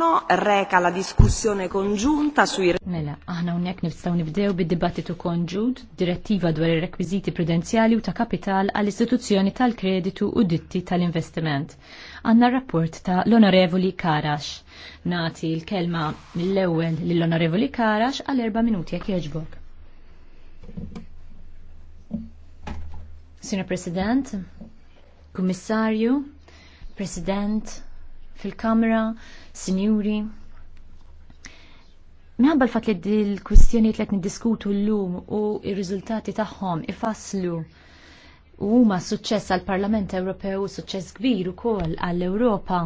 No, reka la diskussjoni konġunta sui... Mela, aħna unjek nifstaw nibdew bid-dibattitu konġud, direttiva dwar il-rekwiziti prudenzjali u ta' kapital għall-istituzzjoni tal-kreditu u ditti tal-investiment. Għanna rapport ta' l-onorevoli Karax. Nati l-kelma mill-ewel l-onorevoli Karax għal erba minuti jek jieġbok. Sina President, Kummissarju, President, fil-kamra, sinjuri. Minħabba l-fat li d-kwistjoni li qed diskutu l-lum u r-riżultati tagħhom ifasslu u huma suċċess għall parlament Ewropew u suċċess kbir ukoll għall ewropa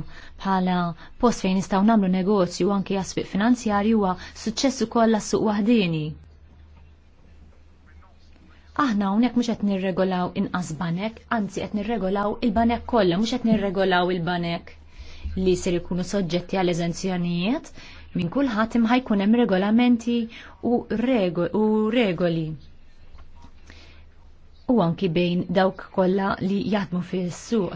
bħala post fejn nistgħu nagħmlu negozju anke jasfiq finanzjarji huwa suċċess ukoll għas-suq waħdieni. Aħna hawnhekk mhux qed nirregolaw inqas banek, anzi qed nirregolaw il-banek kollha, mhux qed nirregolaw il-banek li jisir ikunu soġġetti għal eżenzjonijiet minn kulħadd imma jkun hemm regolamenti u, rego u regoli. U anki bejn dawk kollha li jaħdmu fis-suq.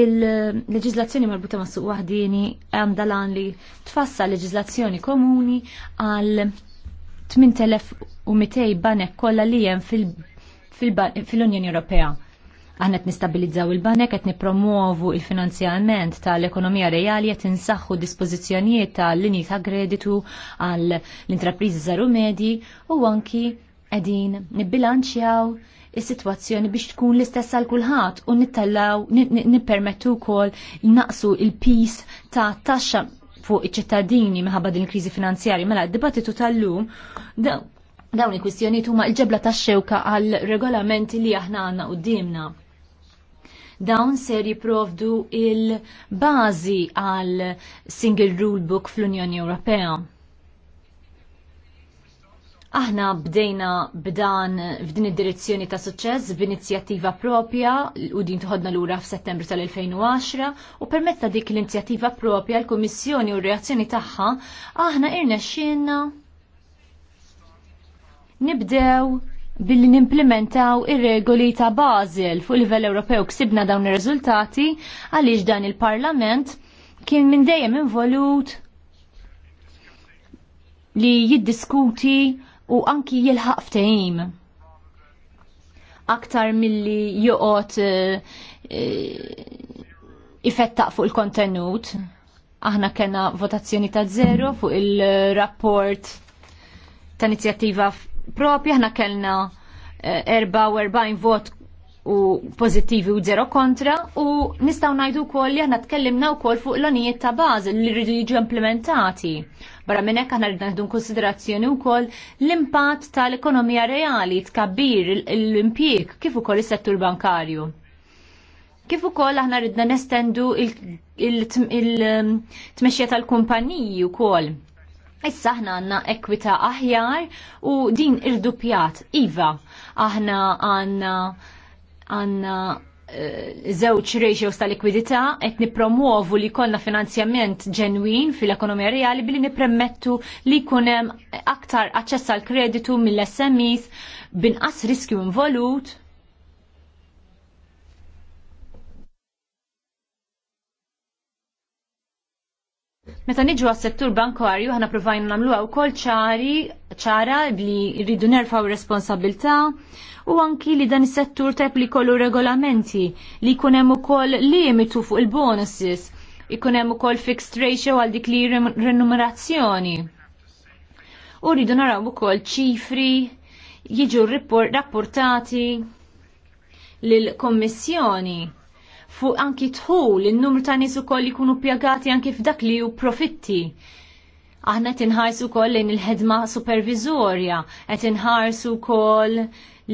Il-leġiżlazzjoni marbuta mas suq waħdini għandha lan li tfassa leġiżlazzjoni komuni għal 8200 banek kollha li hemm fil-Unjoni fil fil Ewropea. Aħna qed nistabilizzaw il-banek qed nipromuovu il-finanzjament tal-ekonomija reali qed insaħħu dispożizzjonijiet tal-linji ta' kreditu għal l-intrapriżi żaru medji u anki qegħdin nibbilanċjaw is-sitwazzjoni biex tkun l-istess għal kulħadd u nittallaw, nippermettu wkoll naqsu il-pis ta' taxxa fuq iċ-ċittadini minħabba din il-kriżi finanzjarja. Mela, d-dibattitu tal-lum dawn il-kwistjonijiet huma l-ġebla tax-xewka għal regolamenti li aħna għandna qudiemna. Dawn ser jiprovdu il-bazi għal Single Rule Book fl-Unjoni Ewropea. Aħna bdejna b'dan f'din id-direzzjoni ta' suċċess b'inizjattiva propja u din tħodna lura f'Settembru tal-2010 u permezz ta' dik l-inizjattiva propja l-Kummissjoni u r-reazzjoni tagħha aħna irnexxielna nibdew billi nimplementaw ir-regoli ta' Basel fuq livell Ewropew ksibna dawn ir-riżultati għaliex dan il-Parlament kien minn dejjem involut li jiddiskuti u anki jilħaq ftehim. Aktar milli joqgħod eh, eh, ifettaq fuq il-kontenut. Aħna kena votazzjoni ta' zero fuq il-rapport ta' inizjattiva propi ħna kellna 44 vot u pozittivi u zero kontra u nistaw najdu kol li ħna tkellimna u kol fuq l-onijiet ta' bażi li rridu jiġu implementati. Barra minn hekk aħna rridu nħdu konsiderazzjoni wkoll l-impatt tal-ekonomija reali, tkabbir l-impjieg kif ukoll is-settur bankarju. Kif ukoll aħna rridna nestendu il-tmexxija il, il, il, tal-kumpaniji wkoll Issa aħna għanna ekwita aħjar u din irdupjat, Iva, aħna għanna għanna e, eh, zewċ ratios ta' likwidità qed nipromuovu li konna finanzjament ġenwin fil-ekonomija reali billi nipremmettu li kunem aktar aċċess għal kreditu mill-SMEs binqas riskju involut Meta niġu għas-settur bankarju ħana provajna nagħmluha wkoll ċari ċara li rridu nerfaw responsabilità u anki li dan is-settur tep li kollu regolamenti li jkun hemm ukoll limitu fuq il-bonuses, ikun hemm ukoll fixed ratio għal dik li renumerazzjoni. U rridu naraw ukoll ċifri jiġu rapportati lill-Kommissjoni fuq anki tħul, il-numru ta' nies ukoll jkunu pjagati anki f'dak li ju profitti. Aħna qed inħarsu wkoll lejn il-ħedma supervizorja, qed inħarsu wkoll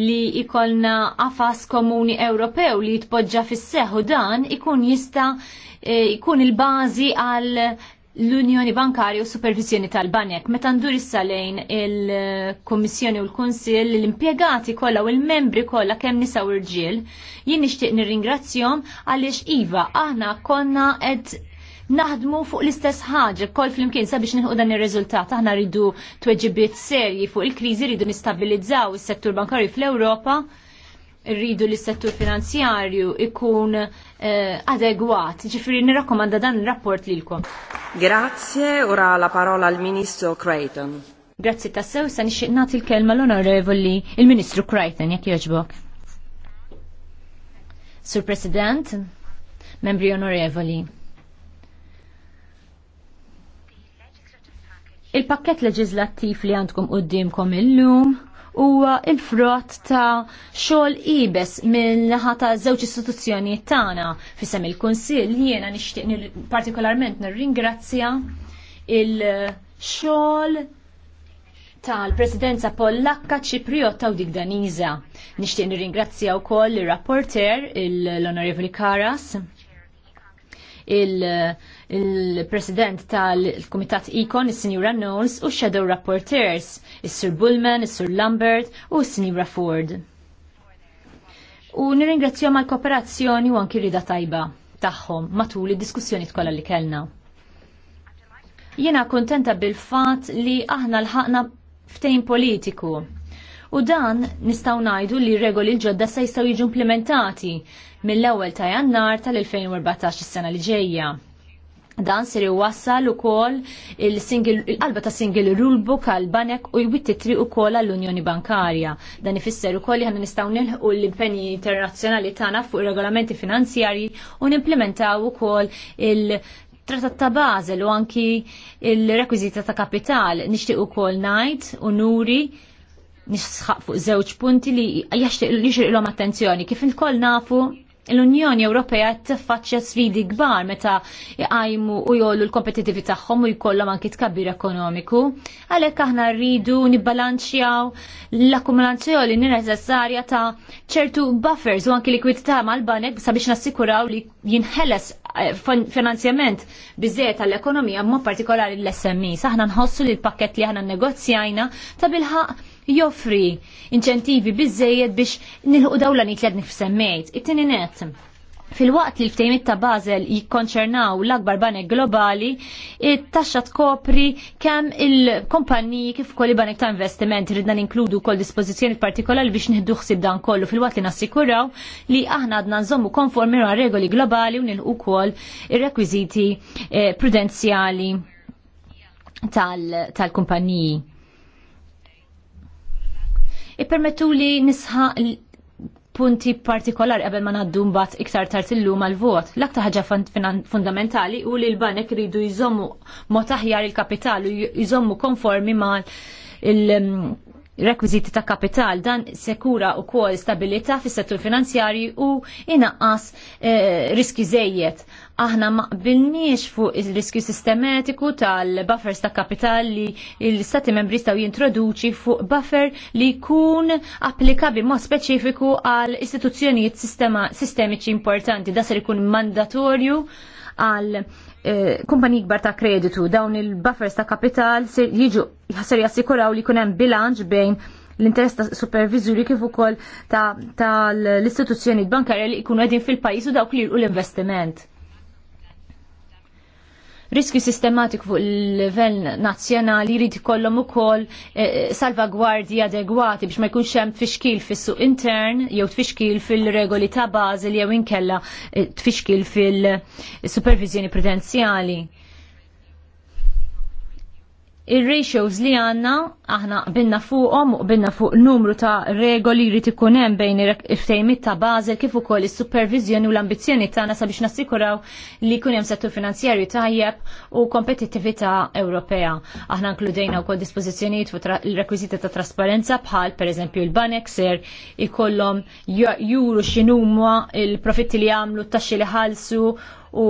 li ikolna għafas komuni Ewropew li jitpoġġa fis seħu dan ikun jista' eh, ikun il-bażi għal l-Unjoni Bankarja u Supervizjoni tal-Banek. Meta ndur issa lejn il-Kommissjoni u l-Kunsill l-impjegati kollha u l-membri kollha kemm nisa u rġiel, jien nixtieq nirringrazzjom għaliex iva aħna konna qed naħdmu fuq l-istess ħaġa kol flimkien sabiex nilħu dan ir-riżultat aħna rridu tweġibiet serji fuq il-kriżi rridu nistabilizzaw is-settur bankarju fl-Ewropa rridu li s-settur finanzjarju ikun Eh, adegwat. Ġifiri nirrakkomanda dan il-rapport lilkom. Grazie, ora la parola al Ministro Creighton. Grazie tassew, sa nixtieq nagħti kelma l-Onorevoli il-Ministru Creighton jekk jogħġbok. Sur President, membri onorevoli. Il-pakket leġislattiv li għandkom il illum huwa il-frott ta' xogħol ibes mill-naħa ta' żewġ istituzzjonijiet tagħna fisem il-Kunsill jiena nixtieq partikolarment nirringrazzja il-xogħol tal-Presidenza Pollakka Ċipriot u dik Daniża. Nixtieq nirringrazzja wkoll ir-rapporter l-Onorevoli Karas il-president il tal-Kumitat Econ, il-Sinjura Knowles, u shadow rapporteurs, il-Sur Bullman, il-Sur Lambert u il-Sinjura Ford. U nirringrazzjom għal kooperazzjoni u anki rida tajba tagħhom matul id-diskussjoni tkolla li kellna. Jiena kontenta bil-fatt li aħna l ħakna ftejn politiku. U dan nistgħu ngħidu li regoli l-ġodda se jistgħu jiġu implementati mill-ewwel ta' Jannar tal-2014 is-sena li ġejja. Dan sir iwassal ukoll il-qalba ta' single rulebook għal banek u jwittitri ukoll għall-Unjoni Bankarja. Dan ifisser ukoll li ħana nistgħu nilħu l-impenji internazzjonali tagħna fuq ir-regolamenti finanzjarji u nimplementaw ukoll il- trattat ta' Basel u anki il-rekwizita ta' kapital nixtieq ukoll ngħid u nuri nisħaq fuq żewġ punti li jaxtiq li l-om attenzjoni. Kif il kol nafu l-Unjoni Ewropea tiffaċċja sfidi kbar meta jgħajmu u jollu l-kompetitivi tagħhom u jkollhom anki tkabbir ekonomiku. Għalhekk aħna rridu nibbalanċjaw l-akkumulazzjoni necessarja ta' ċertu buffers u anki likwidità mal-banek sabiex nassikuraw li jinħeles eh, finanzjament biżiet għall-ekonomija mod partikolari l-SMI. Saħna nħossu li l-pakket li aħna negozjajna ta' bilħaq joffri inċentivi bizzejed biex nilħu dawla nitled nifsemmejt It-tieni net. Fil-waqt li l-ftejmit ta' Basel jikkonċernaw l-akbar banek globali, it-taxxa tkopri kemm il kompanniji kif kolli banek ta' investiment ridna ninkludu kol dispożizzjoni partikolari biex nieħdu ħsieb dan kollu fil-waqt li nassikuraw li aħna għadna nżommu konformi ma' regoli globali u nilqu wkoll ir-rekwiżiti eh, prudenzjali tal kumpanniji Ippermettu li nisħa punti partikolari qabel ma ngħaddu mbagħad iktar tard illum għal-vot. L-aktar ħaġa fundamentali u li l-banek ridu jżommu mod aħjar il-kapital u jżommu konformi ma il-rekwiziti mm, ta' kapital dan sekura u kol stabilita fis settur finanzjari u inaqqas eh, riski zejjed aħna ma qbilniex fuq il-riskju sistematiku tal-buffers ta' kapital li l-stati membri staw jintroduċi fuq buffer li kun applikabi ma' speċifiku għal istituzzjonijiet sistemiċi importanti. Da ser ikun mandatorju għal eh, kumpani kbar ta' kreditu dawn il-buffers ta' kapital jiġu ser jassikuraw li kunem bilanċ bejn l-interess ta' supervizuri kif ukoll ta', ta l-istituzzjoni bankarja li jkunu qegħdin fil-pajjiż u dawk li l-investiment riskju sistematik fuq il-level nazzjonali jrid ikollhom ukoll eh, salvagwardji adegwati biex ma jkunx hemm tfixkil fis-suq intern jew tfixkil fil-regoli ta' Basel jew inkella eh, tfixkil fil-supervizjoni prudenzjali. Il-ratios li għanna, aħna binna fuqom u binna fuq numru ta' regoli li hemm bejn il-ftejmit ta' bazel kif ukoll il-supervizjoni u l-ambizjoni tagħna sabiex nassikuraw li jkun hemm settur finanzjarju tajjeb u kompetittività Ewropea. Aħna nkludejna wkoll dispożizzjonijiet fuq il-rekwiżiti ta' trasparenza bħal pereżempju il-banek ser ikollhom juru x'inhuma il-profitti li jagħmlu t-taxxi li ħalsu u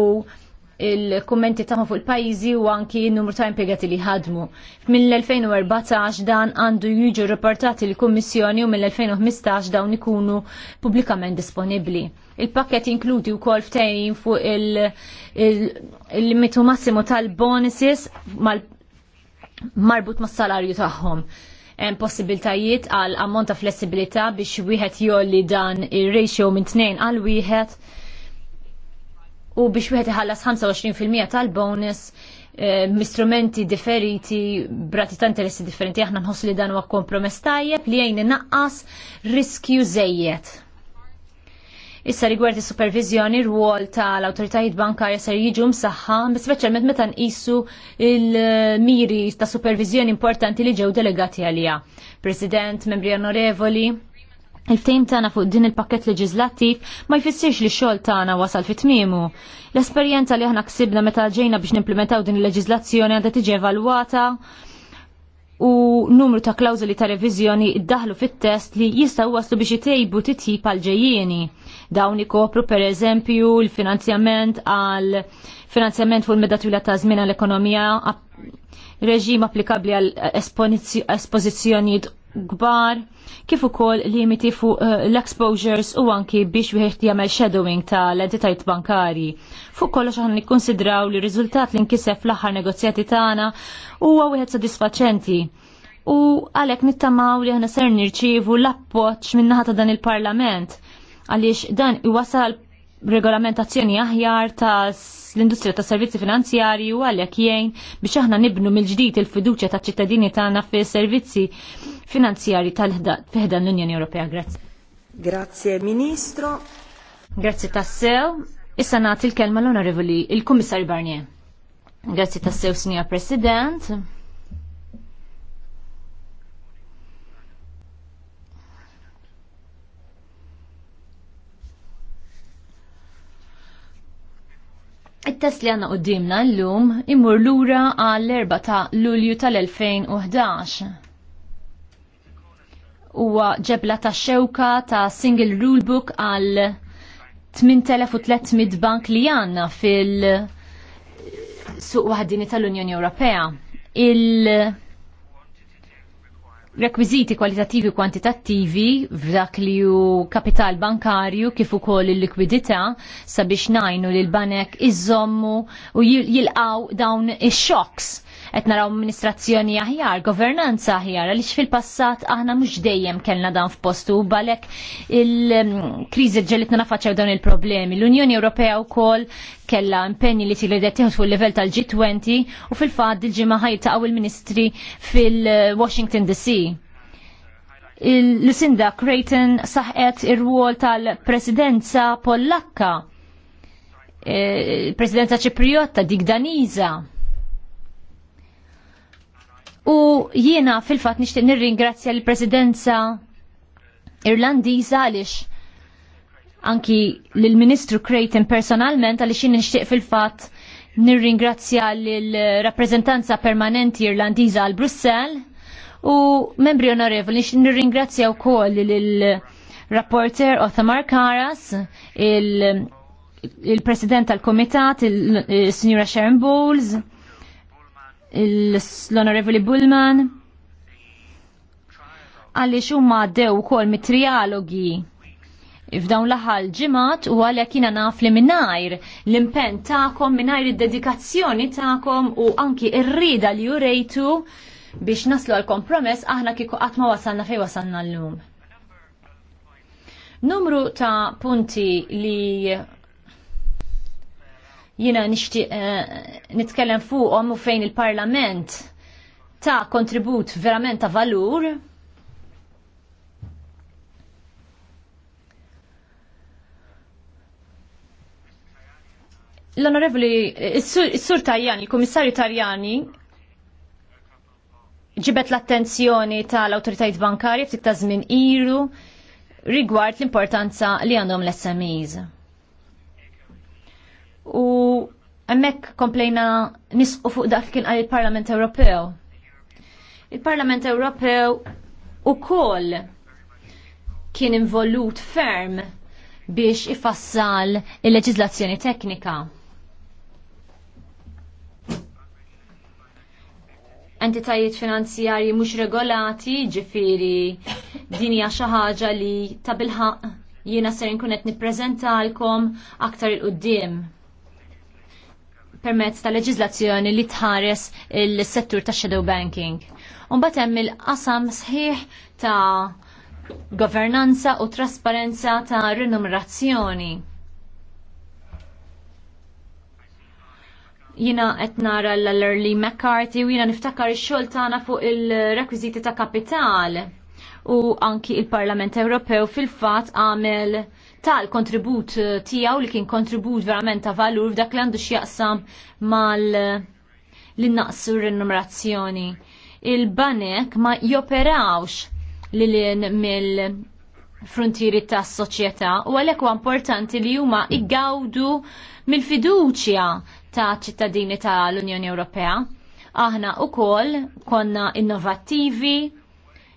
il-kommenti tagħhom fuq il pajjiżi u anki n-numru ta' impiegati li ħadmu. Mill-2014 dan għandu jiġu reportati l-Kommissjoni u mill-2015 dawn ikunu publikament disponibli. Il-pakket inkludi u kol ftejn fuq il-limitu massimo tal-bonuses marbut mas salarju tagħhom. Hemm possibiltajiet għal ammont ta' flessibilità biex wieħed jolli dan ir-ratio minn tnejn għal wieħed u biex wieħed iħallas 25% tal-bonus eh, mistrumenti differiti, brati ta' interessi differenti, aħna nħoss li dan huwa kompromess tajjeb li jgħin naqqas riskju żejjed. Issa rigward is-supervizjoni rwol tal-awtoritajiet bankarja ser jiġu msaħħa, speċjalment meta nqisu il-miri ta' supervizjoni importanti li ġew delegati għalija. President, membri onorevoli, Il-ftejm tana fuq din il-pakket leġislattiv ma jfissirx li xogħol tagħna wasal fit tmiemu. L-esperjenza li aħna ksibna meta ġejna biex nimplementaw din il-leġislazzjoni għandha tiġi evalwata u numru ta' klawżoli ta' reviżjoni iddaħlu fit-test li jistgħu waslu biex itejbu titjib għal ġejjieni. Dawn ikopru pereżempju l-finanzjament għal finanzjament fuq il-meda twila ta' żmien għall-ekonomija reġim applikabli għal espożizzjonijiet gbar, kif ukoll limiti fuq uh, l-exposures u anki biex wieħed jagħmel shadowing tal entitajt bankarji. Fuq kollox aħna nikkonsidraw li r-riżultat li nkiseb fl-aħħar negozjati tagħna huwa wieħed sodisfaċenti. U għalhekk nittamaw li aħna ser nirċievu l-appoġġ min-naħa ta' dan il-Parlament għaliex dan iwasal regolamentazzjoni aħjar ta' l-industrija ta' servizzi finanzjarji u għalhekk jgħin biex aħna nibnu mill-ġdid il-fiduċja ta' ċittadini tagħna fis servizzi finanzjari tal-ħdan l-Unjoni Ewropea. Grazie. Grazie Ministro. Grazzi tassew. Issa nagħti l-kelma l-Onorevoli il-Kummissarju Barnier. Grazzi tassew, Signor President. Il-test li għanna qoddimna l-lum imur lura għall erba ta' lulju tal-2011 huwa ġebla ta' xewka ta' single rulebook għal 8300 bank li għanna fil suq waħdini tal-Unjoni Ewropea. Il rekwiziti kwalitativi u kwantitattivi f'dak li ju kapital bankarju kif ukoll il-likwidità sabiex ngħinu lil banek iżommu u jilqaw dawn ix-shocks qed naraw amministrazzjoni aħjar, governanza aħjar, għaliex fil-passat aħna mhux dejjem kellna dan f'postu balek il-kriżi ġelitna nafaċċew dawn il-problemi. L-Unjoni Ewropea wkoll kella impenni li tili dettiħu fuq il-level tal-G20 u fil-fad il-ġimgħa ta' il-Ministri fil-Washington DC. Lucinda Creighton saħqet ir ruol tal-presidenza Pollakka, eh, il-presidenza Ċipriotta, dik Daniza U jiena fil-fat nixtieq nirringrazzja l-Presidenza Irlandiża għaliex anki lill-Ministru Creighton personalment għaliex jien nixtieq fil-fatt nirringrazzja l-rappreżentanza permanenti Irlandiża għal Brussel u membri onorevoli nirringrazzja wkoll lill-rapporter Othamar Karas, il-President il tal-Komitat, il-Sinjura Sharon Bowles, l-Onorevoli Bullman għaliex huma dew ukoll mitrialogi trialogi f'dawn l-aħħar ġimgħat u għalhekk jiena naf li mingħajr l-impenn tagħkom mingħajr id-dedikazzjoni tagħkom u anki r-rieda li jurejtu biex naslu għal kompromess aħna kieku qatt ma wasalna fejn l llum. Numru ta' punti li jina nishtiq uh, nitkellem fuqhom u fejn il-Parlament ta' kontribut verament ta' valur. L-Onorevoli, il-Sur eh, Tajani, il-Komissarju Tajani, ġibet l-attenzjoni tal-autoritajiet bankarji ftit ta' żmien iru rigward l-importanza li għandhom l-SMEs u hemmhekk komplejna nisqu fuq dak kien qal il-Parlament Ewropew. Il-Parlament Ewropew ukoll kien involut ferm biex ifassal il-leġizlazzjoni teknika. entitajiet finanzjarji mhux regolati, ġifiri dinja xi ħaġa li ta' jiena ser nkun qed għalkom aktar il qoddim permezz ta' leġiżlazzjoni li tħares il-settur ta' shadow banking. Unbat hemm il-qasam sħiħ ta' governanza u trasparenza ta' renumerazzjoni. Jina qed nara l-Early McCarthy u jina niftakar ix-xogħol tagħna fuq il-rekwiżiti ta' kapital u anki il-Parlament Ewropew fil-fatt għamel ta' l-kontribut eh, tijaw li kien kontribut verament ta' valur f'dak li għandu x'jaqsam mal eh, l innaqsu r-numerazzjoni. Il-banek ma joperawx li l mill frontieri ta' soċjetà u għalhekk huwa importanti li huma igawdu mill-fiduċja ta' ċittadini ta' l-Unjoni Ewropea. Aħna wkoll konna innovattivi,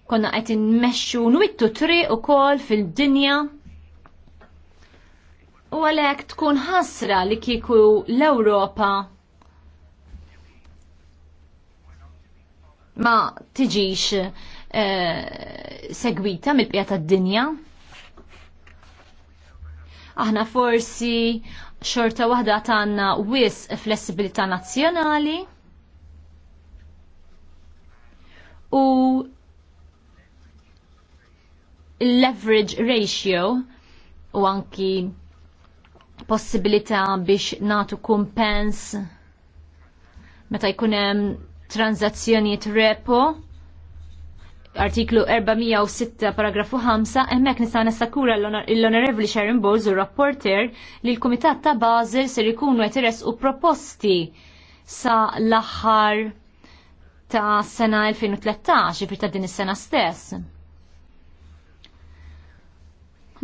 konna qed meċu nwittu triq ukoll fil-dinja U għalek tkun ħasra li kiku l-Europa ma tiġix eh, segwita mill-pjata d-dinja. Aħna forsi xorta waħda tanna wis flessibilità nazzjonali u leverage ratio u anki possibilità biex natu kumpens meta jkun hemm repo artiklu 406 paragrafu 5 hemmhekk nista' nessakura l-Onorevoli Sharon Bowles u rapporter li l-Kumitat ta' Basel ser ikunu qed u proposti sa l-aħħar ta' sena 2013, fir ta' din is-sena stess.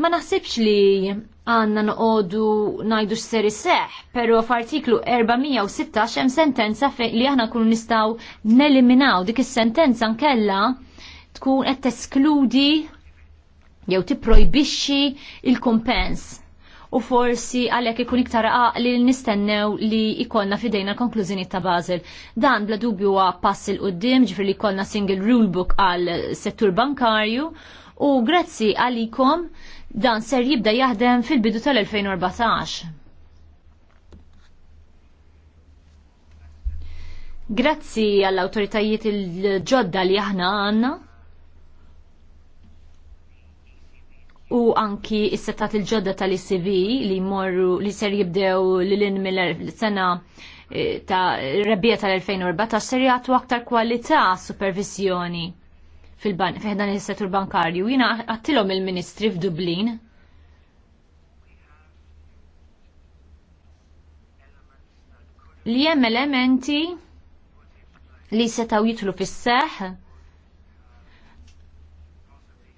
Ma naħsibx li għanna noqodu najdu x-seri seħ, pero f'artiklu 416 hemm sentenza li aħna kunu nistaw neliminaw dik is-sentenza nkella tkun qed teskludi jew tipprojbixxi il-kumpens. U forsi għalhekk ikun iktar għaqli li nistennew li ikollna fidejna konklużjoni ta' Basel. Dan bla dubju huwa pass il qudiem ġifri li jkollna single rulebook għal settur bankarju u grazzi għalikom Dan ser jibda jaħdem fil-bidu tal-2014. Grazzi għall-autoritajiet il-ġodda li aħna għanna u anki is-settat il-ġodda tal-ICV li morru li ser jibdew l-lin mill-sena eh, ta' rebbija tal-2014 ser jagħtu aktar kwalità supervisjoni fil fil-ħedan il-settur bankarju. Jina għattilom il-ministri f'Dublin. Li hemm elementi li setaw jitlu fil seħ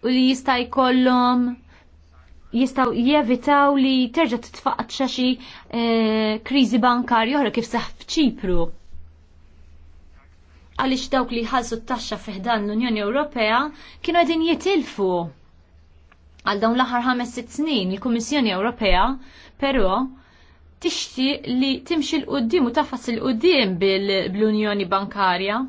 u li jista' jkollhom jistaw jevitaw li terġa' titfaqqa xaxi eh, kriżi bankarja oħra kif saħ f'Ċipru għaliex dawk li ħalsu t-taxxa fiħdan l-Unjoni Ewropea kienu għedin jitilfu għal dawn l-aħħar ħames 6 snin il-Kummissjoni Ewropea, però tixti li timxi l-qoddim u tafas l-qoddim bil-Unjoni Bankarja.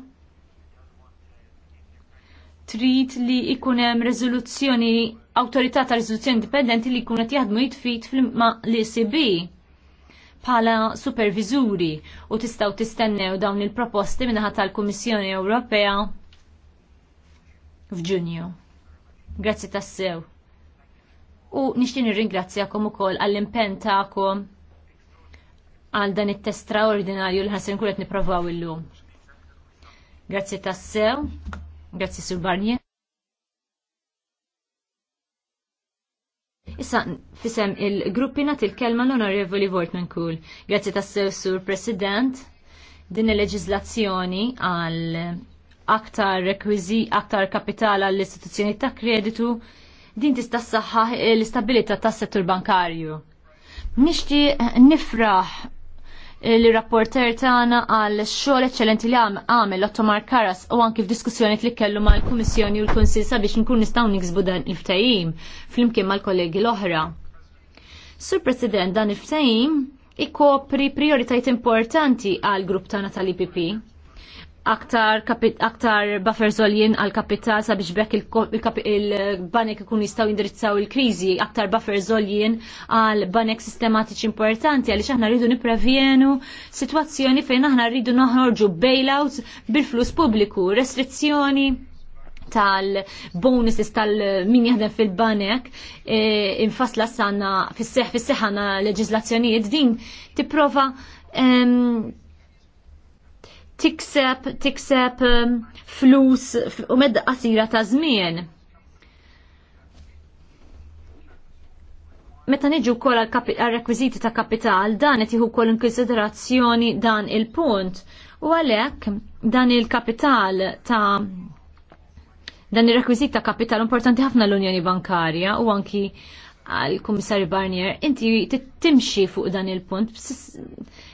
Trid li ikun hemm riżoluzzjoni awtorità ta' riżoluzzjoni indipendenti li jkunu qed jaħdmu jitfit fl-ma l-ECB bħala superviżuri u tistgħu tistennew dawn il-proposti minnaħat tal-Kummissjoni Ewropea f'Ġunju. Grazzi tassew. U nixtieq nirringrazzjakom ukoll għall-impenn tagħkom għal dan it-test straordinarju li ħasin kuret niprovaw illum. Grazzi tassew, grazzi Sur Barnier. Issa fisem il-gruppi nat il-kelma l-Onorevoli Vortman Kool. Grazzi tassew sur President din il-leġizlazzjoni għal aktar rekwizi, aktar kapital għall istituzzjoni ta' kreditu, din tista' saħħa l-istabilità tas settur bankarju. Nixti nifraħ li rapporter tagħna għal xogħol eċċellenti li għamel Otto Karas u anki f'diskussjoni li kellu mal-Kummissjoni u l-Kunsil sabiex nkun nistgħu niksbu dan il-ftajim flimkien mal-kollegi l-oħra. Sur President dan il-ftajim ikopri prioritajiet importanti għal grupp tagħna tal-IPP aktar, aktar buffer zoljen għal kapital sabiex bekk il-banek ikun jistaw indirizzaw il-krizi, aktar buffer zoljen għal banek sistematiċi importanti għaliex aħna rridu niprevjenu situazzjoni fejn aħna rridu noħorġu bailouts bil-flus pubbliku, restrizzjoni tal-bonuses tal-min jaħdem fil-banek e, infasla sanna fis-seħ fis-seħana leġizlazzjonijiet din tipprova tikseb tikseb um, flus u medda qasira ta' żmien. Meta niġu wkoll għal-rekwiżiti ta' kapital, dan qed jieħu kol konsiderazzjoni dan il-punt. U għalhekk dan il-kapital ta' dan ir-rekwiżit ta' kapital importanti ħafna l-Unjoni Bankarja u anki għal kummissarju Barnier, inti timxi fuq dan il-punt.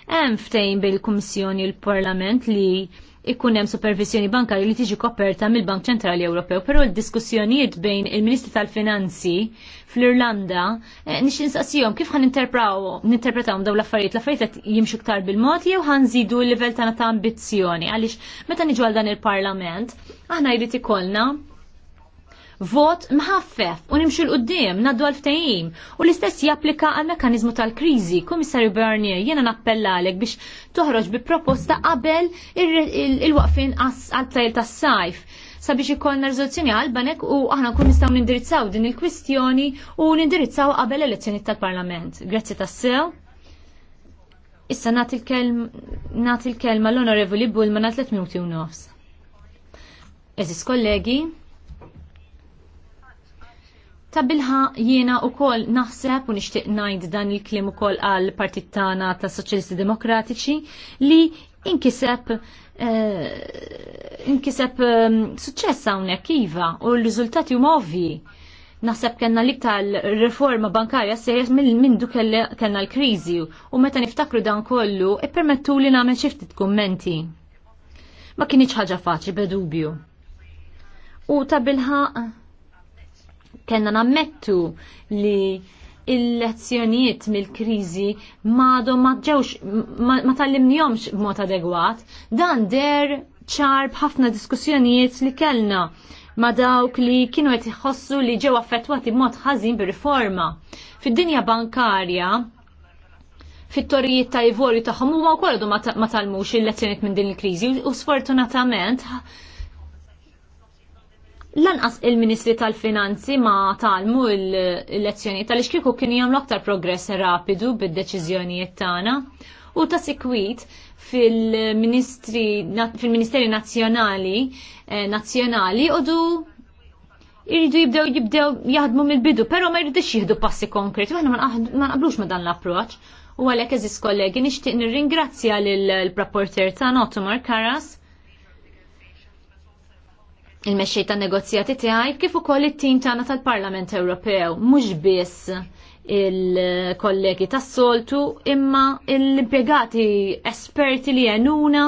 Hemm ftejn bil-Kummissjoni l-Parlament li ikun hemm supervisjoni bankarja li tiġi koperta mill-Bank Ċentrali Ewropew, però l-diskussjonijiet bejn il-Ministri tal-Finanzi fl-Irlanda eh, nix nistaqsihom kif ħan ninterpretawhom dawn l-affarijiet, l-affarijiet qed jimxu ktar bil-mod jew ħanżidu l-livell tagħna ta' ambizzjoni għaliex meta niġu għal dan il-Parlament aħna jrid ikollna vot mħaffef u nimxu l-qoddim naddu għal-ftajim u l-istess japplika għal mekanizmu tal-krizi. Komissarju Barnier, jena għalek biex toħroġ bi proposta qabel il-waqfin għal-tajl tas-sajf sabiex ikollna rizoluzzjoni għal-banek u aħna nkun nistgħu nindirizzaw din il-kwistjoni u nindirizzaw qabel elezzjoni tal-Parlament. Grazzi tassew. Issa nagħti il-kelma l-Onorevoli Bullman għal 3 minuti u nofs. Eżis kollegi, Ta' bilħa jiena u kol naħseb u nishtiq najd dan il-klim u kol għal partittana ta' Soċjalisti Demokratiċi li inkiseb eh, inkiseb eh, suċċess hawnhekk iva u l-riżultati huma ovvji. Naħseb kellna l-iktar riforma bankarja serjas minn mindu kellna l-kriżi u meta niftakru dan kollu ippermettu li nagħmel xi ftit kummenti. Ma kienx ħaġa faċli bedubju. U ta' bilħaq kellna nammettu li il-lezzjonijiet mill-kriżi m'għadhom ma ġewx ma tallimnihomx b'mod adegwat, dan der ċar b'ħafna diskussjonijiet li kellna ma dawk li kienu qed jħossu li ġew affettwati b'mod ħażin bir-riforma. Fid-dinja bankarja fit-torijiet ta' ivorju tagħhom huma wkoll ma talmux il-lezzjonijiet minn din il-kriżi u sfortunatament Lanqas il-Ministri tal-Finanzi ma talmu l elezzjoni tal-iċkiku kien jagħmlu aktar progress rapidu bid-deċiżjonijiet tagħna u ta' sikwit fil-Ministeri fil Nazzjonali eh, Nazzjonali u du jibdew jibdew jaħdmu mill-bidu, però ma jridux jieħdu passi konkreti, aħna ma naqblux ma dan l-approċ. U għalhekk eżis kollegi nixtieq nirringrazzja lill proporter ta' Otomar Karas il-mexxej tan negozjati tiegħi kif ukoll it-tim tagħna tal-Parlament Ewropew mhux biss il-kollegi tas-soltu imma l-impjegati esperti li jenuna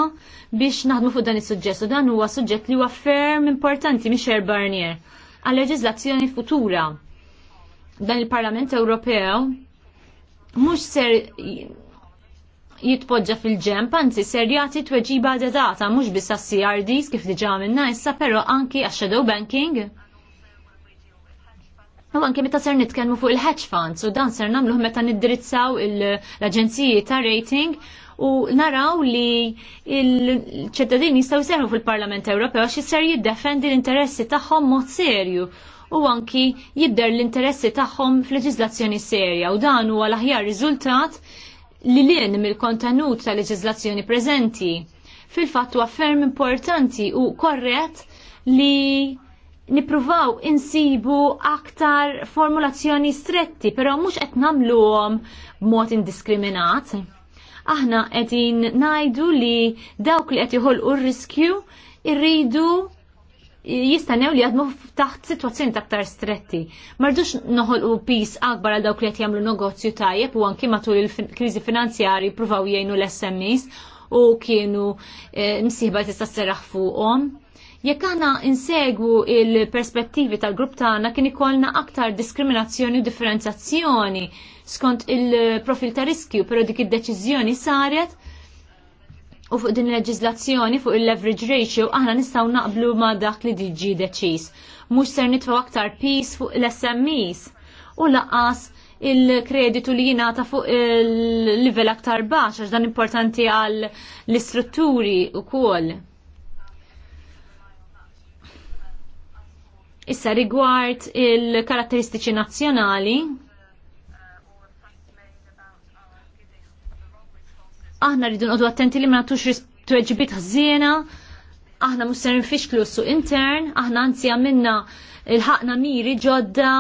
biex naħdmu fuq dan is-suġġett u dan huwa suġġett li huwa ferm importanti Michel Barnier għal leġiżlazzjoni futura. Dan il-Parlament Ewropew mhux ser jitpoġġa fil-ġemp, anzi serjati tweġiba dedata mhux biss għas-CRDs kif diġà għamilna issa, però anki għax-shadow banking. U anke meta ser nitkellmu fuq il-hedge funds u dan ser nagħmluh meta niddirizzaw l-aġenziji ta' rating u naraw li l ċittadini jistgħu jserħu fil-Parlament Ewropew għax jisser jiddefendi l-interessi tagħhom mod serju u anki jibder l-interessi tagħhom f'leġiżlazzjoni serja u dan huwa l-aħjar riżultat li lien mill-kontenut ta' leġizlazzjoni preżenti. Fil-fatt huwa ferm importanti u korret li nipruvaw insibu aktar formulazzjoni stretti, però mhux qed nagħmluhom b'mod indiskriminat. Aħna qegħdin ngħidu li dawk li qed joħolqu r-riskju irridu jistanew li jadmu taħt situazzjoni taktar stretti. Mardux noħol u pis akbar għal dawk li jagħmlu negozju tajjeb u anki matul il-kriżi finanzjari pruvaw jgħinu l-SMEs u kienu eh, msiħba tista' serraħ fuqhom. Jekk għana insegwu il-perspettivi tal-grupp tagħna kien ikollna aktar diskriminazzjoni u differenzjazzjoni skont il-profil ta' riskju, però dik id-deċiżjoni saret u fuq din il leġizlazzjoni fuq il-leverage ratio aħna nistgħu naqblu ma dak li diġi deċiż. Mhux ser nitfaw aktar pis fuq l-SMEs u laqas il-kreditu li jingħata fuq il level aktar baċ, għax dan importanti għal l-istrutturi wkoll. Issa rigward il-karatteristiċi nazzjonali, aħna rridu nqodu attenti li ma nagħtux tweġibit ħżiena, aħna mhux ser nfixklu su intern, aħna anzi għamilna il-ħaqna miri ġodda.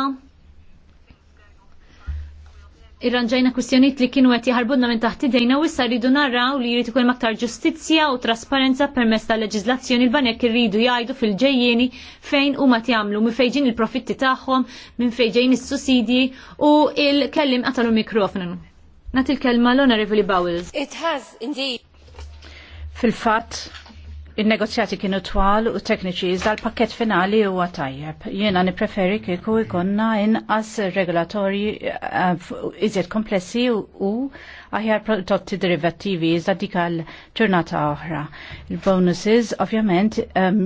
Irranġajna kwistjoniet li kienu qed jaħarbunna minn taħt idejna u issa rridu narraw li jrid ikun aktar ġustizzja u trasparenza permezz tal-leġiżlazzjoni l-banek irridu jgħidu fil-ġejjieni fejn huma jagħmlu minn fejn il-profitti tagħhom, minn fejn ġejjin is-sussidji u il-kellim qatalu mikrofonu. Nat il-kelma l-Honorable Bowles. It has indeed. Fil-fat, il-negozjati kienu twal u tekniċi iżda l-pakket finali huwa tajjeb. Jiena kiku kieku jkollna inqas regolatorji eh, iżjed komplessi u aħjar prodotti derivattivi iżda dik għal ġurnata oħra. Il-bonuses ovvjament ehm,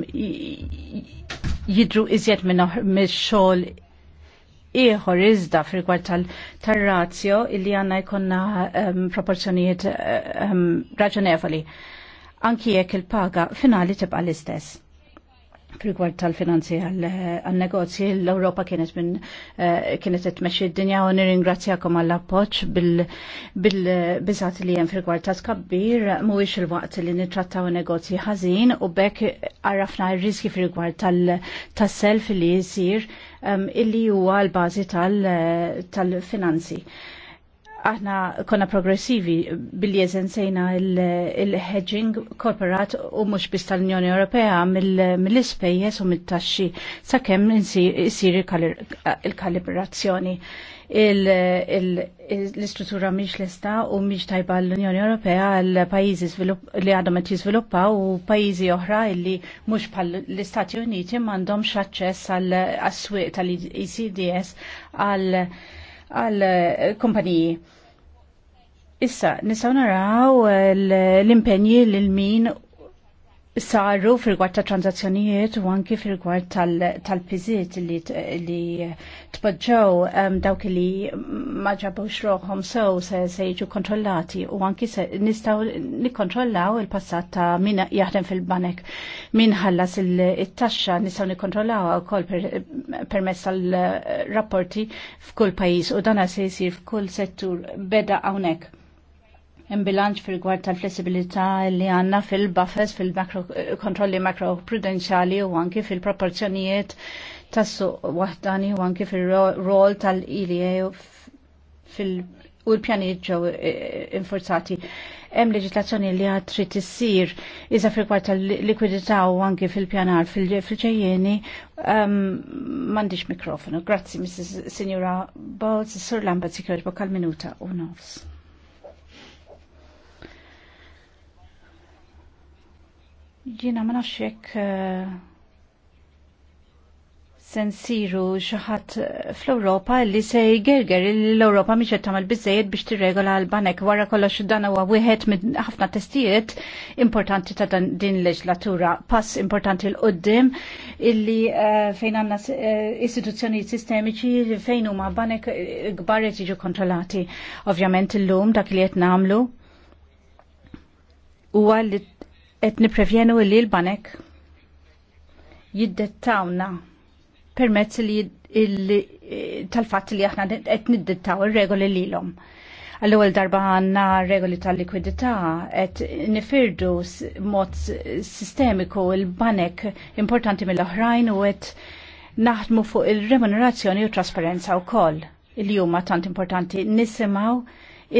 jidru iżjed minn xogħol ieħor iżda frigward tal-razzjo illi għanna jkonna um, ehm, proporzjonijiet um, ehm, raġonevoli. Anki jekk il-paga finali tibqa l-istess. Frigward tal-finanzi għal-negozji, l-Europa kienet minn eh, kienet etmeċi d-dinja u nir-ingrazzjakom għall-appoċ bil-bizat li jen frigward ta' tkabbir, muwix il-waqt li nitrattaw negozji ħazin u bekk għarrafna il-riski frigward tal-self li jisir ehm, illi huwa l-bazi eh, tal-finanzi. tal finanzi aħna konna progressivi billi sejna il-hedging il korporat u mux bis tal-Unjoni Ewropea mill-ispejjes u mill-taxxi sakemm isir il-kalibrazzjoni. L-istruttura miex l-esta u miex tajba l-Unjoni Ewropea għal pajizi li għadhom qed jiżviluppaw u pajizi oħra li mhux bħal l-Istati Uniti m'għandhomx aċċess għal swieq tal-ECDS għal, għal għal eh, kompaniji. Issa, nisaw naraw eh, l-impenji l-min saru fil-gwart ta' tranzazzjonijiet u anki fil-gwart tal-pizit li, t tpoġġew dawk li maġabux roħom sew se jiġu kontrollati u anki se nistaw nikkontrollaw il-passat ta' min jaħdem fil-banek min ħallas il-taxxa nistaw nikkontrollaw ukoll permess tal-rapporti f'kull pajjiż u dana se jsir f'kull settur beda hawnhekk imbilanċ fil gwar tal-flessibilità li għanna fil-buffers, fil-kontrolli makroprudenzjali u anki fil-proporzjonijiet tassu wahdani u anki fil-rol tal-ILA fil- u l-pjanijiet ġew eh, infurzati. Hemm leġislazzjoni li għad trid issir iżda fil-kwart tal-likwidità u anki fil-pjanar fil-ġejjeni ehm, m'għandix mikrofonu. Grazzi, Mrs. Signora Bowles, Sur Lambert Secret Bokal Minuta u nofs. Jina ma nafx jekk eh, sensiru xaħat eh, fl-Europa li se jgerger l-Europa miex qed tagħmel biżejjed biex tirregola l-banek wara kollox dan huwa wieħed minn ħafna testijiet importanti ta' din leġlatura. Pass importanti l qoddim illi eh, fejn għandna istituzzjonijiet sistemiċi fejn huma banek kbar qed jiġu kontrollati. Ovvjament illum dak li qed nagħmlu huwa li et niprevjenu li l-banek jiddettawna permezz li tal-fatt li aħna qed niddettaw ir-regoli lilhom. għall ewel darba għanna regoli tal-likwidità qed nifirdu mod sistemiku l-banek importanti mill-oħrajn u qed naħdmu fuq il-remunerazzjoni u trasparenza wkoll il huma tant importanti nisimgħu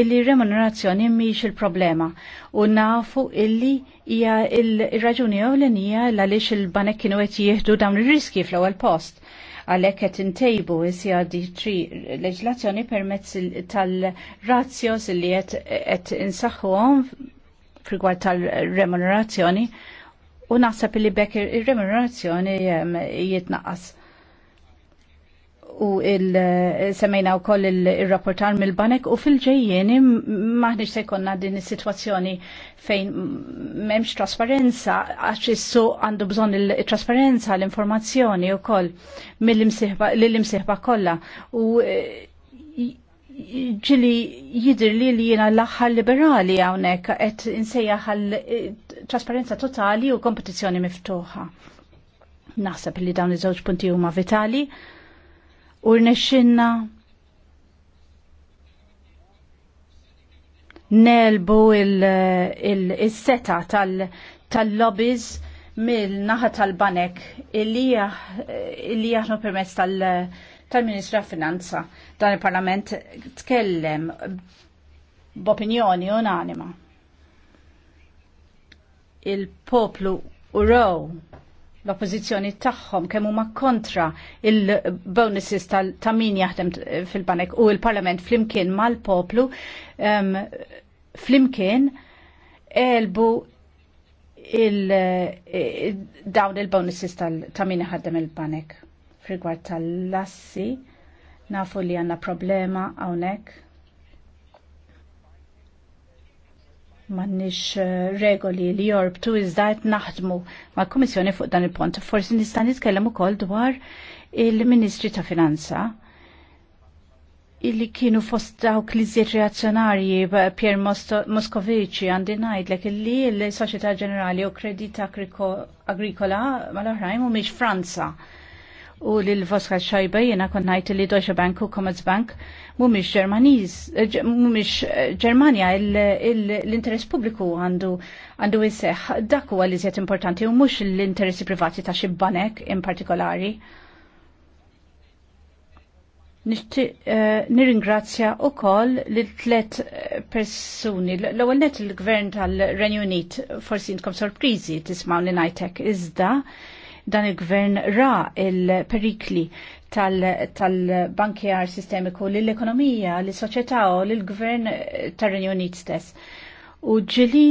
illi remunerazzjoni mhix il-problema u nafu illi hija il-raġuni ewlenija għaliex il-banek kienu qed jieħdu dawn ir-riski fl-ewwel post għalhekk qed intejbu CRD3 leġlazzjoni permezz tal-razzjos illi qed insaħħuhom rigward tal-remunerazzjoni u naħseb li bekk ir-remunerazzjoni jitnaqqas u il-semmejna u koll il-rapportar mill-banek u fil-ġejjeni maħniġ se konna din il-situazzjoni fejn memx trasparenza għax issu għandu bżon il-trasparenza l-informazzjoni u koll mill-imsiħba kolla u ġili jidir li li jina l-axħal liberali għawnek għet għal e, trasparenza totali u kompetizjoni miftuħa. Naħseb li dawn iż-żewġ punti huma vitali u rnexxinna nelbu il-seta il, il tal-lobbies tal mill-naħa tal-banek li jaħnu permezz tal-Ministra tal Finanza. Dan il-Parlament tkellem b'opinjoni unanima. Il-poplu u row l-oppozizjoni tagħhom kemm huma kontra il-bonuses ta' min jaħdem fil-banek u l-Parlament flimkien mal-poplu um, flimkien elbu il, eh, dawn il-bonuses ta' min jaħdem il-banek. Frigward tal-lassi nafu li għanna problema hawnhekk mannix eh, regoli li jorbtu iżda qed naħdmu ma' kummissjoni fuq dan il-pont. Forsi nista' nitkellem ukoll dwar il-Ministri ta' Finanza illi kienu fost dawk li żied reazzjonarji Pier Moskovici għandi ngħidlek illi l-Soċjetà Ġenerali u Kredit Agrikola mal-oħrajn mhumiex Franza u lil Vosra Xajba jena konnajt li Deutsche Bank u Commerzbank mumiex Ġermaniż, eh, mumiex eh, Ġermanja l-interess pubbliku għandu għandu jiseħ dak huwa li zjed importanti u mhux l-interessi privati ta' xi banek in partikolari. Nishti eh, nirringrazzja u koll l-tlet persuni. L-ewwel net il-gvern tal-Renju Unit forsi intkom sorpriżi tismaw li ngħidlek iżda dan il-gvern ra il-perikli tal-bankjar tal sistemiku l-ekonomija, l-soċieta u l-gvern tar-Renjonit stess. U ġili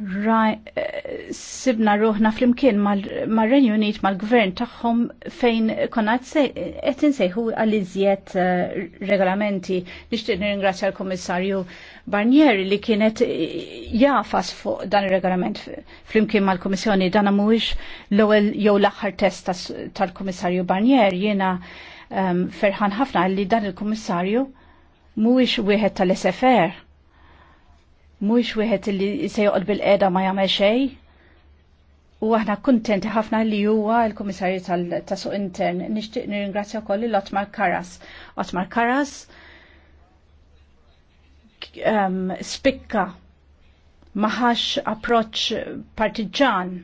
Eh, sibna ruħna fl-imkien mar-Renju Unit mal-gvern tagħhom fejn konna qed insejħu għal izjiet eh, regolamenti. Nixtieq nirringrazzja l-Kummissarju Barnieri li kienet eh, jafas fuq dan ir-regolament fl-imkien mal-Kummissjoni dan mhuwiex l-ewwel jew l-aħħar test tal-Kummissarju Barnier jiena ferħan ħafna li dan il-Kummissarju mhuwiex wieħed tal-SFR mhux wieħed li se joqgħod bil-qeda ma jagħmel xejn. U aħna kuntenti ħafna li huwa l-Kummissarju tas Suq Intern. Nixtieq nirringrazzja wkoll lil Otmar Karas. Otmar Karas Spikka um, spikka maħax approċċ partiġan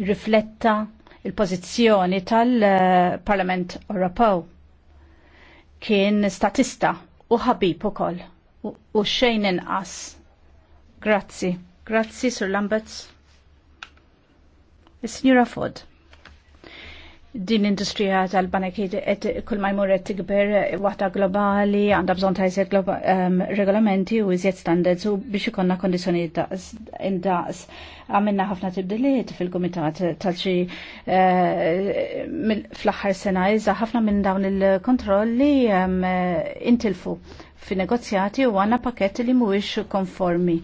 rifletta il-pożizzjoni tal-Parlament Ewropew. Kien statista u ħabib ukoll u xejn inqas. Grazzi. Grazzi, Sir Lambert. Is-Sinjura Fod. Din industrija tal-banek qed kull ma jmur tikber eh, waħda globali, għandha bżonn ta' iżjed ehm, regolamenti u iżjed standards u biex ikonna kondizzjonijiet indaqs. Għamilna ħafna tibdiliet fil-kumitat tal xi eh, fl-aħħar sena iżda ħafna minn dawn il-kontrolli um, intilfu fin-negozjati u għandna pakett li mhuwiex konformi.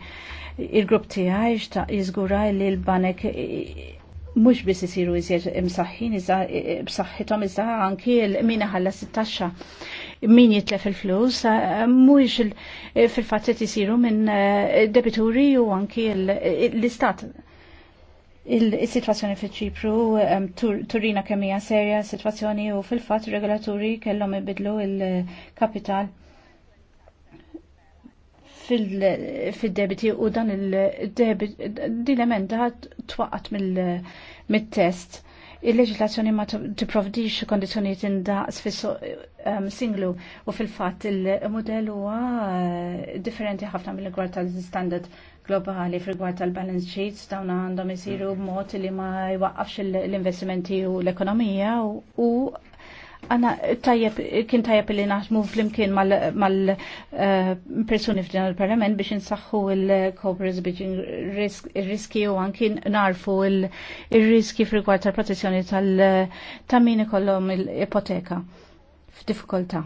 Il-grupp tiegħi jiżgura li l-banek mux biss isiru iżjed imsaħħin, b'saħħithom iżda anki min ħalla 16 min jitlef il-flus, eh, mux fil-fatt qed isiru minn eh, debituri u anki l-istat. Il-situazzjoni fi ċipru turina kemm hija serja situazzjoni u fil-fatt regolaturi kellhom ibidlu il-kapital fil-debiti u dan il-debit, din emenda twaqqat mill-test. Il-leġislazzjoni ma tipprovdix kondizjoniet indaqs fis um, singlu u fil-fatt il-modell huwa eh, differenti ħafna mill-gwar tal-standard globali fil-gwar tal-balance sheets dawn għandhom isiru b'mod li ma jwaqqafx l-investimenti u l-ekonomija u għana tajjeb, kien tajjeb li naħdmu fl-imkien mal-personi eh, f'din il-parlament biex nsaxħu il-cobras biex il-riski u għankin narfu il-riski f'rigward tal-protezzjoni tal-tammin ikollhom il-ipoteka f'diffikultà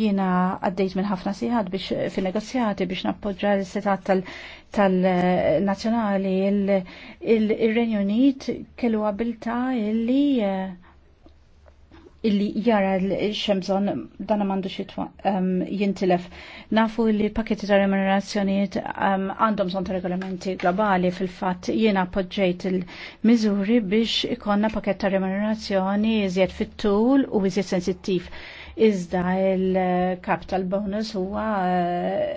jiena għaddejt minn ħafna siħad biex fin negozjati biex nappoġġa l-setat tal-nazjonali tal nazjonali il renju Unit kellu għabilta illi eh, illi jara l-xemżon dan mandu xitwa um, jintilef. Nafu li paketi ta' remunerazzjoniet għandhom um, zon ta' regolamenti globali fil-fat jiena appoġġejt il-mizuri biex ikonna paket ta' remunerazzjoni iżjed fit-tul u iżjed sensittiv. Iżda il-capital bonus huwa eh,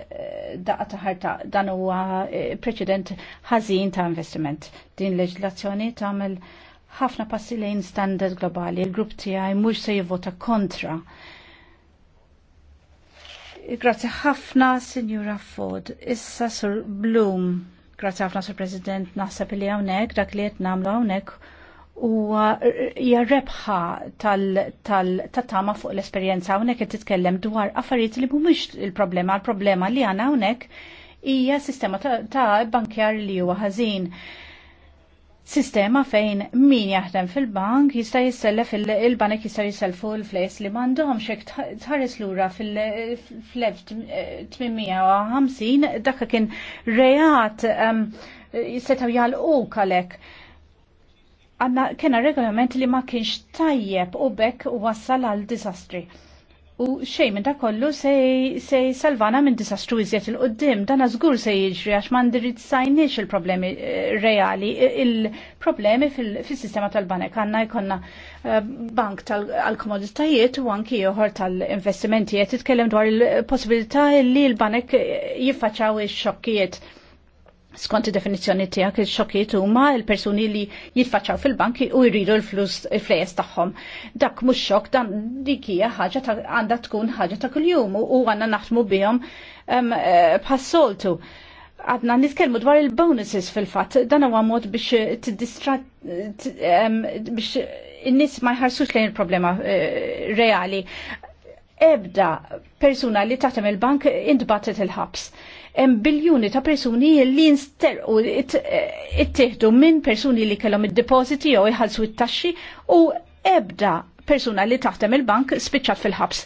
daqqa taħarta dan huwa eh, preċedent ħażin ta' investiment. Din leġislazzjoni tagħmel ħafna passi lejn standard globali. Il-grupp tiegħi mhux se jivvota kontra. Grazzi ħafna, Sinjura Ford. Issa Sur Bloom. grazie ħafna, Sur President, naħseb li hawnhekk dak li qed nagħmlu hawnhekk u jarrebħa tal-tama fuq l-esperienza hawnhekk qed titkellem dwar affarijiet li mhumiex il-problema, l-problema li għana hawnhekk hija sistema ta' bankjar li huwa ħażin sistema fejn min jaħdem fil-bank jista' jissellef il-banek jista' jisselfu l-flejs li m'għandhom xek tħares lura fil-1850 eh, dakka kien rejat ehm, jistetaw jgħalqu kalek. Għanna kena regolament li ma kienx tajjeb u bekk u wassal għal disastri. U xej minn ta' kollu se salvana minn disastru iżjed il-qoddim, dan żgur se jiġri għax sajniex il-problemi eh, reali, il-problemi fil-sistema tal-banek. Għanna jkonna eh, bank tal-komoditajiet u għanki joħor tal-investimenti. Jett titkellem dwar il-possibilità li l-banek jiffaċaw ix-xokkijiet skont id-definizzjoni tiegħek il-xokiet huma l-persuni li jitfaċċaw fil-banki u jridu l-flus il-flejes tagħhom. Dak mux xok, dan dik hija ħaġa għandha tkun ħaġa ta' kuljum u għanna naħdmu bijom eh, bħas-soltu. Għadna nitkellmu dwar il-bonuses fil-fatt, dan huwa mod biex tiddistrat biex in-nies ma jħarsux lejn il-problema eh, reali. Ebda persuna li taħtem il-bank intbatet il-ħabs. il bank intbatet il ħabs hemm biljuni ta' persuni li nsterqu ittieħdu minn persuni li kellhom id-depositi jew iħallsu it-taxxi u ebda persuna li taħdem il-bank spiċċat fil-ħabs.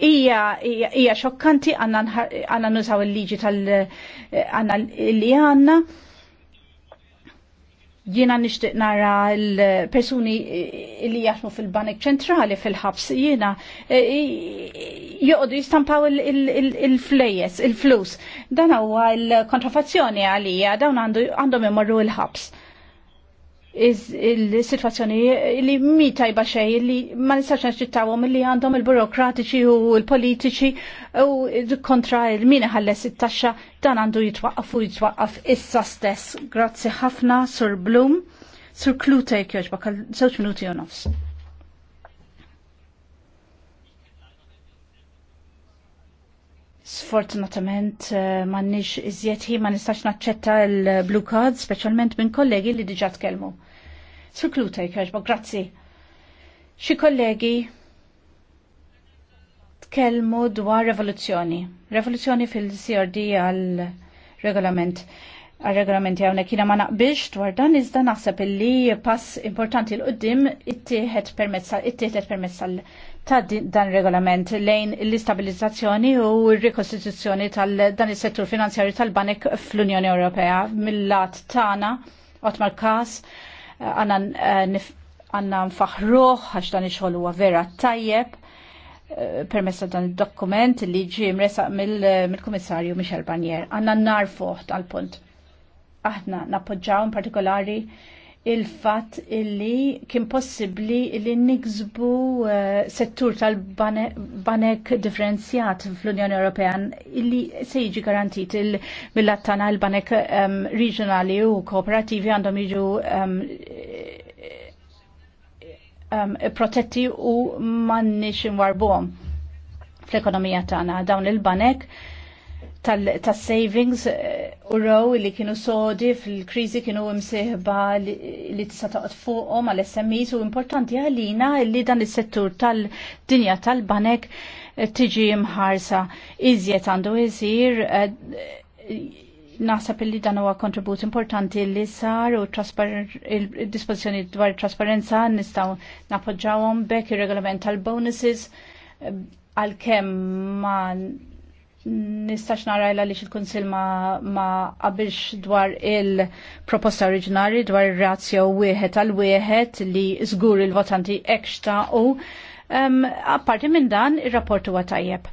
Ija xokkanti għanna nużaw il-liġi tal-għanna li għanna Jiena nixtieq nara l-persuni li jaħdmu fil-Banik ċentrali fil-ħabs, jiena e, e, joqogħdu jistampaw il-flejes, il-flus. Dan huwa l-kontrafazzjoni għalija, dawn għandhom imorru l-ħabs il-situazzjoni li mi tajba xej li ma nistax naċċittawhom li għandhom il-burokratiċi u l-politiċi u kontra il-min ħalles it-taxxa dan għandu jitwaqqaf u jitwaqqaf issa stess. Grazzi ħafna Sur Blum, Sur Klute kjoġba, żewġ minuti u nofs. sfortunatament eh, m'għandniex iżjed ħin ma nistax naċċetta l-blue card, speċjalment minn kollegi li diġa' tkellmu. Sur Kluta jkerġbok, grazzi. Xi kollegi tkellmu dwar revoluzzjoni. Revoluzzjoni fil-CRD għal-regolament għal regolament għawnek jina ma naqbilx dwar dan iżda naħseb illi pass importanti l-qoddim ittieħed permezz ta' dan regolament lejn l-istabilizzazzjoni u r-rikostituzzjoni tal-dan is-settur finanzjarju tal-banek fl-Unjoni Ewropea mill-lat tagħna Otmar Kaas għanna nfaħruħ għax dan ix-xogħol huwa vera tajjeb eh, permessa dan il-dokument li ġi mresaq mill-Komissarju Michel Barnier. Għanna narfuħ tal-punt. Aħna nappoġġaw in partikolari il-fat illi kien possibli illi nigzbu uh, settur tal-banek differenzjat fl-Unjoni Ewropea illi se jiġi garantit mill-attana il-banek um, ehm, regionali u kooperativi għandhom jiġu um, um, protetti u mannix inwarbuhom fl-ekonomija tagħna dawn il-banek tas-savings eh, u row li kienu sodi fil-krizi kienu imsieħba li tista' toqgħod fuqhom għal SMEs u importanti għalina li dan is-settur tal-dinja tal-banek eh, tiġi mħarsa iżjed għandu iżir eh, naħseb li dan huwa kontribut importanti li sar u il-dispożizzjoni dwar trasparenza nistgħu napoġġawhom bekk ir-regolament tal-bonuses għal kemm ma' nistax nara illa li xil-Konsil ma, ma qabilx dwar il-proposta oriġinari dwar il-razzja u wieħed għal wieħed li żgur il-votanti ekxta u um, apparti minn dan ir rapportu huwa tajjeb.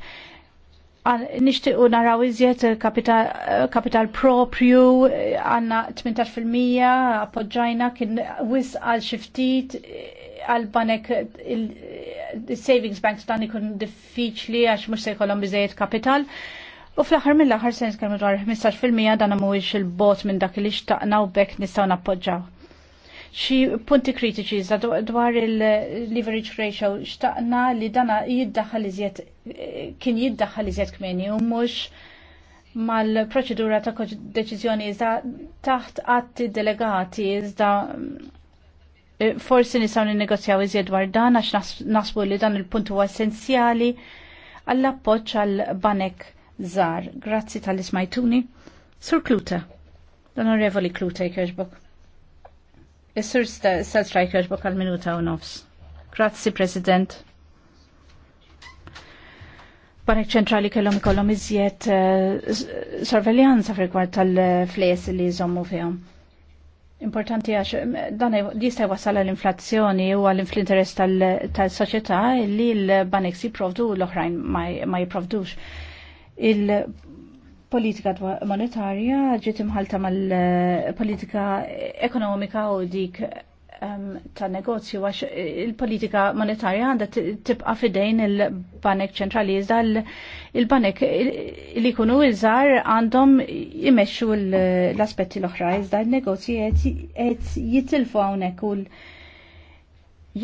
Nishtiqu naraw iżjed kapital, kapital propju għanna 18% appoġġajna kien wis għal xiftit għal-banek il-savings banks dan ikun diffiċli għax mux se jkollhom bizzejiet kapital. U fl-aħħar mill-aħħar se nitkellmu dwar 15% dan mhuwiex il-bot minn dak li xtaqna u bekk nistgħu nappoġġaw. Xi punti kritiċi dwar il-leverage ratio xtaqna li dana jiddaħħal iżjed kien jiddaħħal iżjed kmieni u mhux mal-proċedura ta' deċiżjoni iżda taħt atti delegati iżda Eh, forsi nisaw ninnegozjaw iżjed dwar dan għax nasbu li dan il-punt huwa essenzjali għall appoġġ għal banek żgħar. Grazzi tal-ismajtuni. Sur Kluta, dan onorevoli Kluta jkerġbok. Is-sur Stelstra jkerġbok għal-minuta u nofs. Grazzi, President. Banek ċentrali kellhom ikollhom iżjed eh, sorveljanza fil tal-flejes li jżommu fihom Importanti għax dan jista' wasal l-inflazzjoni u għal interess tal-soċjetà li l-banek jipprovdu l-oħrajn ma jipprovdux. Il-politika monetarja ġiet imħalta mal-politika ekonomika u dik ta' negozju għax il-politika monetarja għandha tibqa fidejn il-banek ċentrali iżda il-banek li kunu iżar għandhom imexxu l-aspetti l-oħra iżda il-negozju qed jitilfu hawnhekk u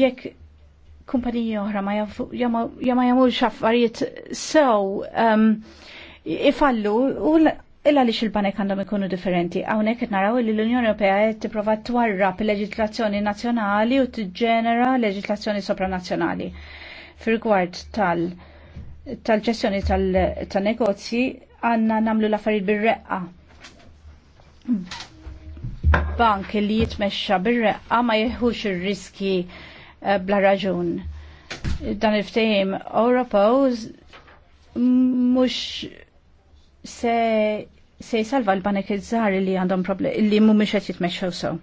jekk kumpaniji oħra ma jagħmlux affarijiet sew ifallu u Illa li xil-banek għandhom ikunu differenti, għawnek qed naraw li l-Unjoni Ewropea qed tipprova twarrab leġislazzjoni nazzjonali u tiġġenera leġislazzjoni sopranazzjonali. Fir-rigward tal tal-ġestjoni tal-negozji għanna namlu l-affarijiet bir-reqqa. Bank li jitmexxa bir-reqqa ma jeħux ir-riski eh, bla raġun. Dan il-ftehim Europos mhux se se jsalva l-banek iż-żar li għandhom problemi li mhumiex qed jitmexxew sew.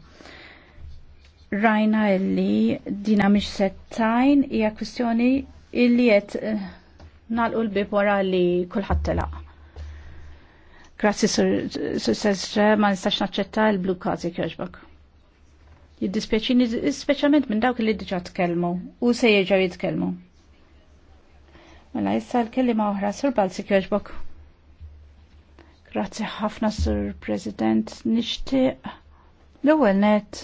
Rajna li dina mhix settajn hija kwistjoni illi qed eh, nalqu l-bib wara li kulħadd telaq. Grazzi sur Sestre, ma nistax naċċetta l-blu kazi kjoġbok. Jiddispjaċini speċjalment minn dawk li diġà tkellmu u se jiġu jitkellmu. Mela issa l-kelliema oħra sur Balzi kjoġbok. Grazzi ħafna, Sir President. Nixtieq l-ewwel net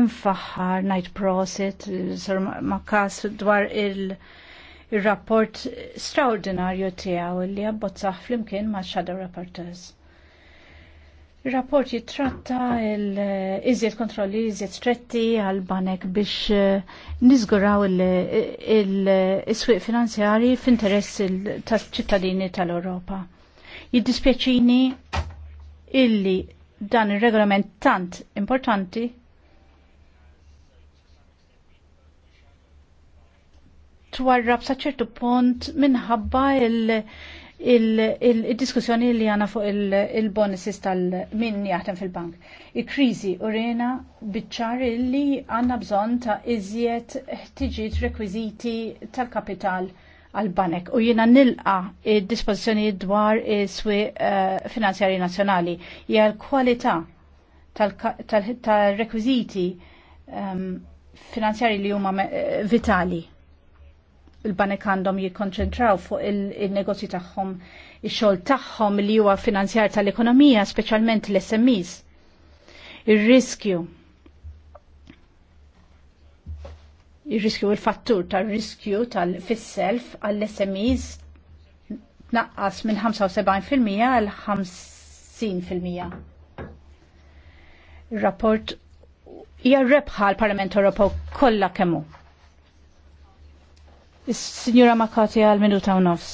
infaħħar ngħid prosit Sir Makas dwar il- il-rapport straordinarju tiegħu li abbozzaħ flimkien ma' Shadow Rapporteurs rapport jitratta l iżjed kontrolli, iżjed stretti għal-banek biex eh, nizguraw il-swiq finanzjari f'interess tal-ċittadini tal-Europa. Jiddispjaċini illi dan il-regolament tant importanti twarrab saċertu punt minħabba il- il-diskussjoni li għana fuq il-bonuses tal-min jaħdem fil-bank. Il-krizi u rena bitċar li għanna bżon ta' iżjed ħtiġiet rekwiziti tal-kapital għal-banek u jina nilqa il-dispozizjoni dwar il-swi eh, finanzjari nazjonali hija l-kwalità tal-rekwiziti ehm, finanzjari li huma eh, vitali il-banek għandhom jikkonċentraw fuq il-negozji tagħhom, ix-xogħol tagħhom li huwa finanzjar tal-ekonomija, speċjalment l-SMEs. Ir-riskju. Ir-riskju il-fattur tar-riskju tal-fis-self għall-SMEs tnaqqas minn 75% għal 50%. Ir-rapport hija rebħa l-Parlament Ewropew kollha kemm hu Signora Makati għal minuta u nofs.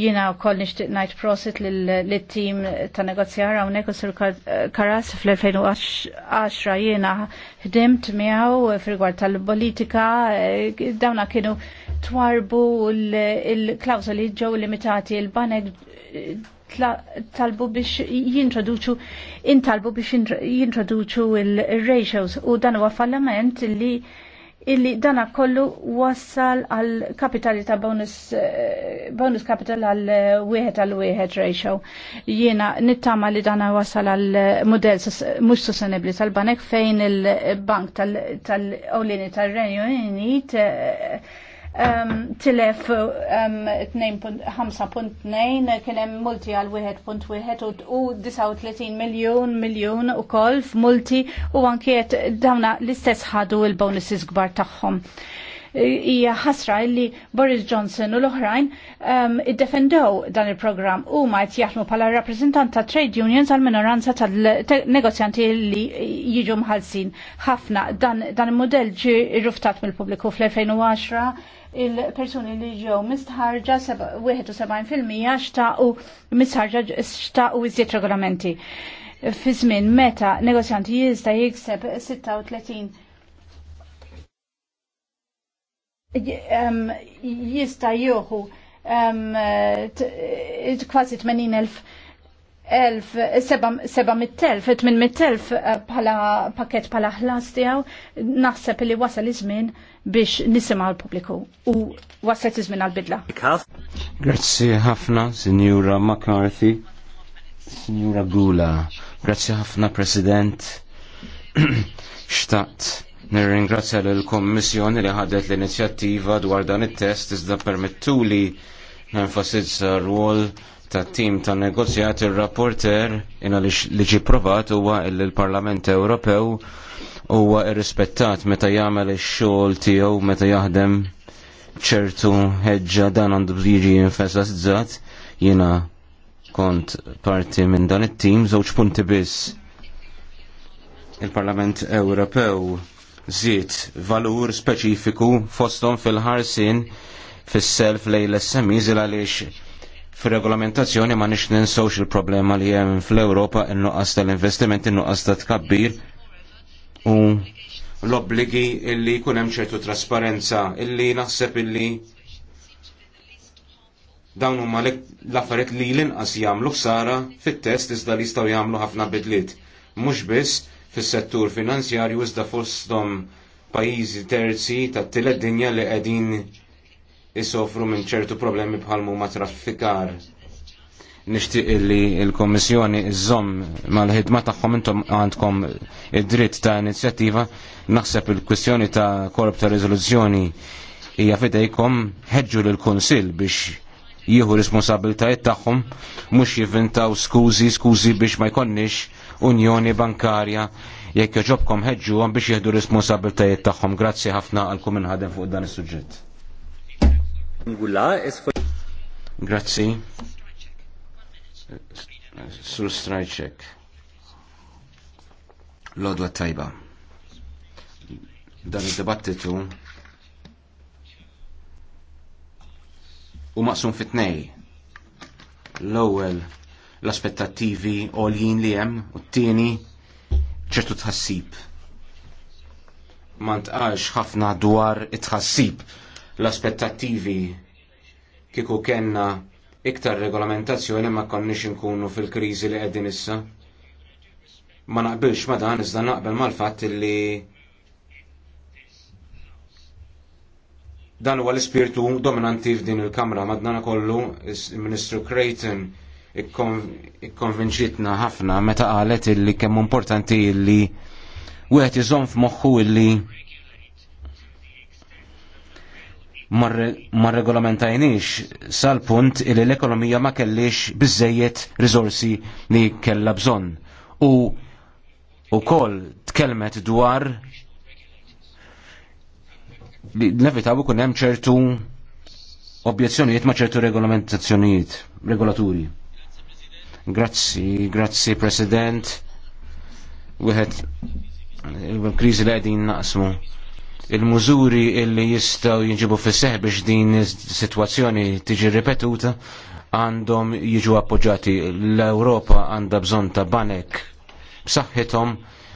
Jina u koll nishtiq najt prosit l-tim ta' negozjar għawnek u sur Karas fl-2010 jina ħdimt miaw frigwar tal-politika dawna kienu twarbu l-klawzoli ġew limitati l-banek talbu biex jintroduċu intalbu biex jintroduċu il-ratios u dan huwa fallament li illi dana kollu wassal għal kapitali ta' bonus, eh, bonus capital għal eh, wieħed għal wieħed ratio. Jiena nittama li dana wassal għal eh, model mhux sostenibli tal-banek fejn il-bank tal tal-tal-Ewlieni tal-Renju Unit tilef 5.2 kienem multi għal 1.1 u 39 miljon miljon u kolf multi u għankiet dawna l-istess ħadu il-bonuses gbar taħħom hija ħasra li Boris Johnson u l-oħrajn um, iddefendew dan il-programm u ma jtjaħmu jaħdmu bħala ta' trade unions għal minoranza tal-negozjanti li jiġu mħalsin ħafna dan il model ġi ruftat mill-pubbliku fl-2010 il-persuni li ġew mistħarġa 71% u mistħarġa xtaqu iżjed regolamenti. Fi żmien meta negozjanti jista' jikseb 36 jista juhu kważi 80.000 eh, bħala pakket bħala ħlas tijaw naħseb li wasal iż-żmien biex nisimgħu l publiku u waslet iż-żmien għall-bidla. Grazzi ħafna, Signora McCarthy, Signora Gula, grazzi ħafna President, xtaqt Nirringrazzja l-Kommissjoni li ħadet l-inizjattiva dwar dan it-test iżda permettuli nenfasizza r-rwol ta' tim ta' negozjat il-rapporter inna li ġi provat huwa il-Parlament Ewropew huwa irrispettat meta jagħmel ix-xogħol tiegħu meta jaħdem ċertu ħeġġa dan għandu jiġi infesasizzat jiena kont parti minn dan it-tim żewġ punti biss il-Parlament Ewropew żied valur speċifiku fosthom fil-ħarsin fis-self lejn l-SMEs għaliex fir-regolamentazzjoni ma nix ninsow il-problema li hemm fl-Ewropa in-nuqqas tal-investiment, in-nuqqas ta' tkabbir u l-obbligi illi jkun hemm ċertu trasparenza illi naħseb illi dawn huma l-affarijiet li l-inqas jagħmlu ksara fit-test iżda li jistgħu jagħmlu ħafna bidliet. Mhux biss fis-settur finanzjarju iżda fosthom pajjiżi terzi tat-tielet dinja li qegħdin isofru minn ċertu problemi bħalmu ma traffikar. Nishtiq li l komissjoni iżomm mal-ħidma tagħhom intom għandkom id-dritt ta' inizjattiva naħseb il-kwistjoni ta' korb ta' riżoluzzjoni hija fidejkom ħeġġu lil kunsill biex jieħu responsabiltajiet tagħhom mhux jivvintaw skużi skużi biex ma jkollniex. Unjoni Bankarja jekk joġobkom ħeġġuhom biex jieħdu responsabiltajiet tagħhom. Grazzi ħafna għal inħadem fuq dan is-suġġett. Grazzi. Sur strajċek. Lodwa tajba. Dan id-dibattitu u maqsum fit-tnej. L-ewwel l-aspettattivi għoljin li hemm u t-tieni ċertu tħassib. Ma għax ħafna dwar it-tħassib l-aspettattivi kieku kenna iktar regolamentazzjoni ma konniex inkunu fil-kriżi li għeddin issa. Ma naqbilx ma dan iżda naqbel mal-fatt li dan huwa l-ispirtu dominanti f'din il-Kamra madnana kollu il ministru Creighton ikkonvinċitna ħafna meta qalet illi kemm importanti illi wieħed iżomm f'moħħu illi ma rregolamentajniex sal-punt illi l-ekonomija ma kellix biżejjed riżorsi li kellha bżonn. U wkoll tkellmet dwar li nevitaw ikun hemm ċertu objezzjonijiet ma ċertu regolamentazzjonijiet, regolaturi. Grazzi, grazzi President. Wieħed il-kriżi li qegħdin naqsmu il-mużuri illi jistaw jinġibu fisseħ biex din situazzjoni tiġi ripetuta għandhom jiġu appoġġati. L-Europa għandha bżon ta' banek b'saħħithom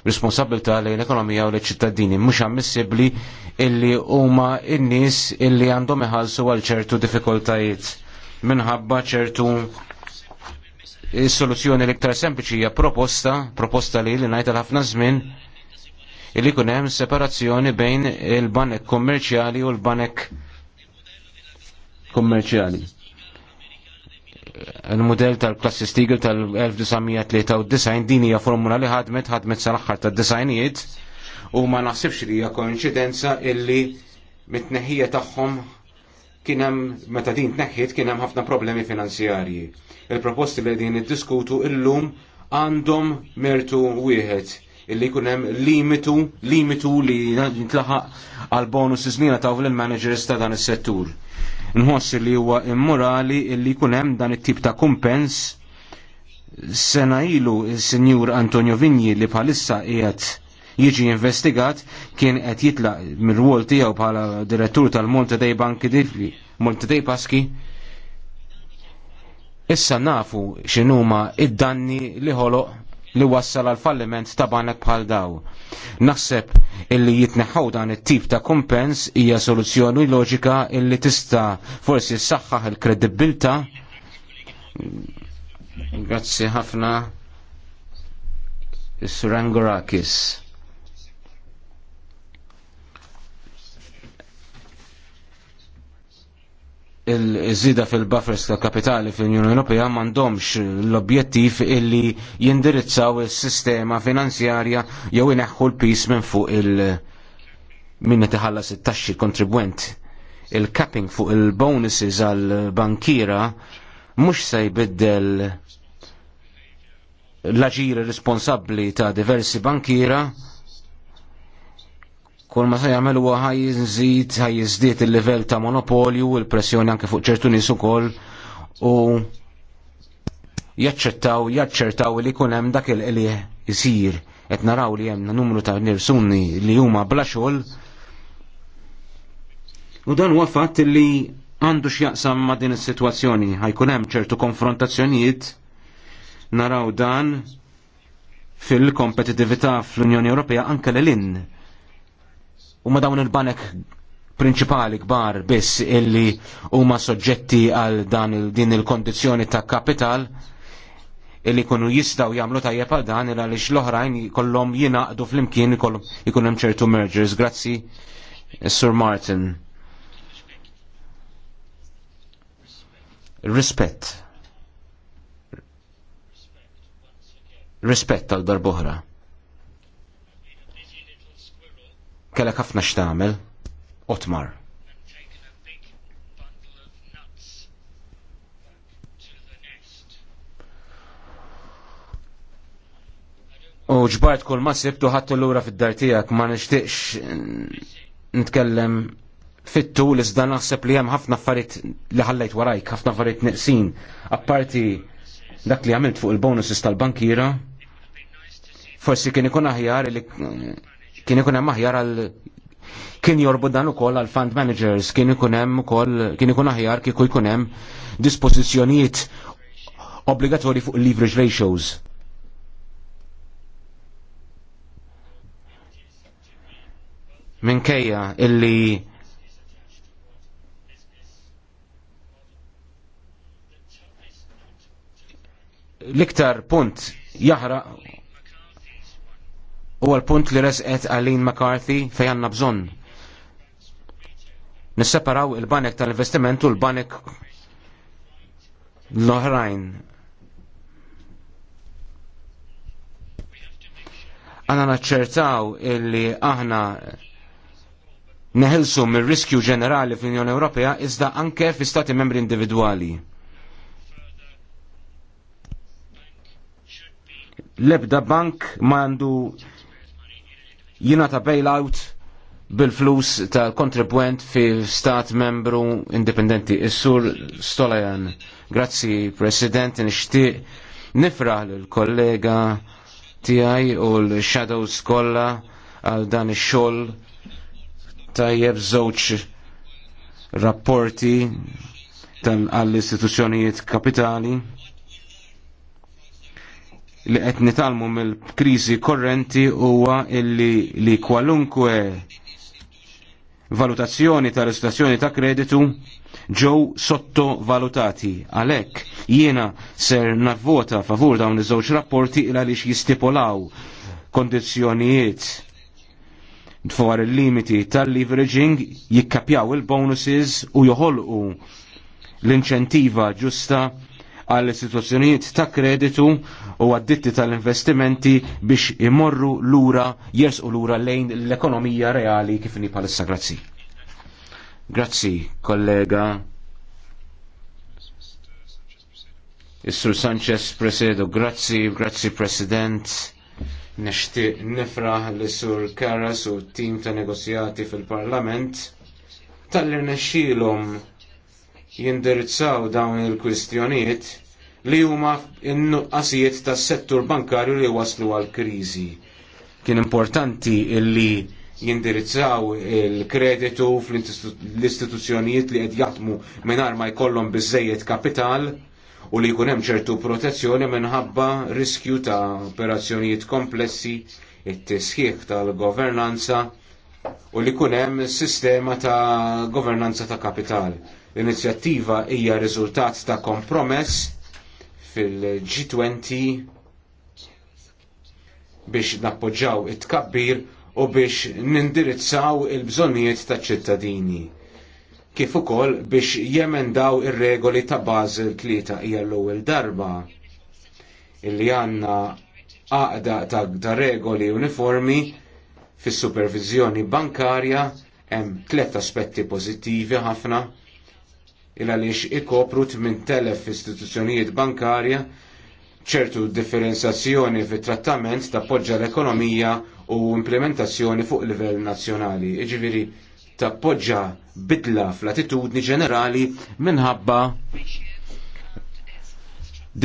responsabilta lejn l-ekonomija u l-ċittadini. Mhux ammissibbli illi huma n-nies illi għandhom iħallsu għal ċertu diffikultajiet minħabba ċertu Is-soluzzjoni l-iktar sempliċi hija proposta, proposta li li ngħid ħafna żmien illi kun hemm separazzjoni bejn il-banek kommerċjali u l-banek kummerċjali. Il-modell tal-klassi Stigl tal-1993 din hija formula li ħadmet ħadmet sal-aħħar tad-disajnijiet u ma naħsibx li hija koinċidenza illi mit-tneħħija tagħhom kien hemm meta din tneħħit kien hemm ħafna problemi finanzjarji. Il-proposti li din iddiskutu illum għandhom mertu wieħed illi jkun hemm limitu limitu li jintlaħaq għal bonus snina ta' lill managers ta' dan is-settur. Nħoss li huwa immorali illi jkun hemm dan it-tip ta' kumpens sena ilu s-Sinjur Antonio Vigni li bħalissa qiegħed jiġi investigat kien qed jitlaq mir wol tiegħu bħala direttur tal-Monte Dei Banki Difli, Monte Dei Paski. Issa nafu x'inhuma id-danni li ħoloq li wassal għal falliment ta' banek bħal daw. Naħseb illi jitneħħaw dan it-tip ta' kumpens hija soluzzjoni loġika illi tista' forsi saħħaħ il-kredibilta. Grazzi ħafna. Surangorakis. il-żida fil-buffers ta' kapitali fl-Unjoni Ewropea m'għandhomx l-objettiv illi jindirizzaw is-sistema finanzjarja jew ineħħu l-pis minn fuq il- minn iħallas it-taxxi kontribwent. Il-capping fuq il-bonuses għal bankira mhux se jbiddel l-aġir responsabbli ta' diversi bankiera kull ma se jagħmel huwa ħajżid ħajjiżdied il-livell ta' monopolju u l-pressjoni anke fuq ċertu nies ukoll u jaċċettaw jaċċertaw li jkun hemm dak il-qli jisir qed naraw li hemm numru ta' nirsuni li huma bla xogħol. U dan huwa fatt li għandu x'jaqsam ma' din is-sitwazzjoni ħajkun hemm ċertu konfrontazzjonijiet naraw dan fil-kompetitività fl-Unjoni Ewropea anke l-in u ma dawn il-banek prinċipali kbar biss illi huma soġġetti għal dan il din il-kondizzjoni ta' kapital illi kunu jistaw jagħmlu tajjeb għal dan illa li l-oħrajn jinaqdu jingħaqdu flimkien ikun hemm ċertu mergers. Grazzi, Sur Martin. Rispett. Rispett għal darbohra. kellek ħafna x'tagħmel, Otmar. U ġbart kull ma sebtu ħattu l-ura fid-dar tiegħek ma nixtieqx nitkellem fittu l iżda naħseb li hemm ħafna affarijiet li ħallejt warajk, ħafna affarijiet neqsin. Apparti dak li għamilt fuq il-bonuses tal-bankira, forsi kien ikun aħjar li kien ikun hemm aħjar għal kien jorbu dan ukoll għal fund managers, kien ikun hemm ukoll kien ikun aħjar kieku jkun hemm dispożizzjonijiet obbligatorji fuq leverage ratios. Minkejja illi l-iktar punt jahra U l-punt li resqet Aline McCarthy fejn għandna bżonn. Nisseparaw il-banek tal-investiment u l-banek l-oħrajn. Għanna naċċertaw illi aħna neħilsu mir riskju ġenerali fl-Unjoni Ewropea iżda anke fi stati membri individwali. Lebda bank mandu ma jina ta' bailout bil-flus tal-kontribwent fi stat membru indipendenti. Is-sur Stolajan, grazzi President, nishtiq nifraħ l-kollega tiegħi u l-shadows kollha għal dan ix-xogħol tajjeb żewġ rapporti tal-istituzzjonijiet kapitali li qed nitalmu mill-kriżi korrenti huwa illi li kwalunkwe valutazzjoni ta' restazzjoni ta' kreditu ġew sottovalutati. Għalhekk jiena ser navvota favur dawn iż-żewġ rapporti il għaliex jistipulaw kondizzjonijiet dwar il-limiti tal-leveraging jikkapjaw il-bonuses u joħolqu l-inċentiva ġusta għall istituzzjonijiet ta' kreditu u għadditti tal-investimenti biex imorru lura jersqu lura lejn l-ekonomija reali kif ni palissa grazzi. Grazzi, kollega. Is-Sur Sanchez Presedo, grazzi, grazzi President. Nishti nifra l-Sur Karas u tim ta' negozjati fil-Parlament tal-irnexxilhom jindirizzaw dawn il-kwistjonijiet li huma n-nuqqasijiet tas-settur bankarju li waslu għal kriżi. Kien importanti illi jindirizzaw il-kreditu fl-istituzzjonijiet li qed jaħdmu mingħajr ma jkollhom biżejjed kapital u li jkun hemm ċertu protezzjoni minħabba riskju ta' operazzjonijiet komplessi, it-tisħiħ tal-governanza u li jkun hemm sistema ta' governanza ta' kapital. L-inizjattiva hija riżultat ta' kompromess fil-G20 biex nappoġġaw it-tkabbir u biex nindirizzaw il-bżonijiet ta' ċittadini. Kif ukoll biex jemendaw ir-regoli ta' Basel tlieta hija l-ewwel darba illi għandna għaqda ta' da regoli uniformi fis-supervizjoni bankarja hemm tliet aspetti pożittivi ħafna il għaliex ikopru 8000 istituzzjonijiet bankarja ċertu differenzjazzjoni fit trattament tappoġġa l-ekonomija u implementazzjoni fuq livell nazzjonali. Iġviri, tappoġġa bidla fl-attitudni ġenerali minħabba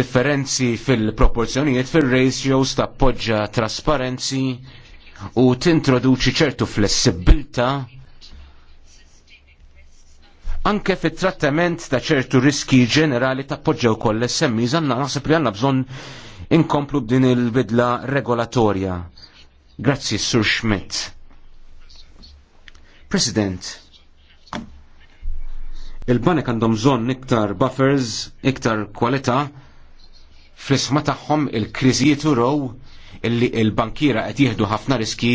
differenzi fil-proporzjonijiet fil-ratios tappoġġa trasparenzi u tintroduċi ċertu flessibilta anke fit trattament ta' ċertu riski ġenerali ta' poġġew koll semmi zanna naħseb li għanna bżon inkomplu b'din il-bidla regolatorja. Grazzi, Sur Schmidt. President, il-banek għandhom bżon iktar buffers, iktar kwalità, fl-isma tagħhom il-kriżijiet row illi il-bankira qed jieħdu ħafna riski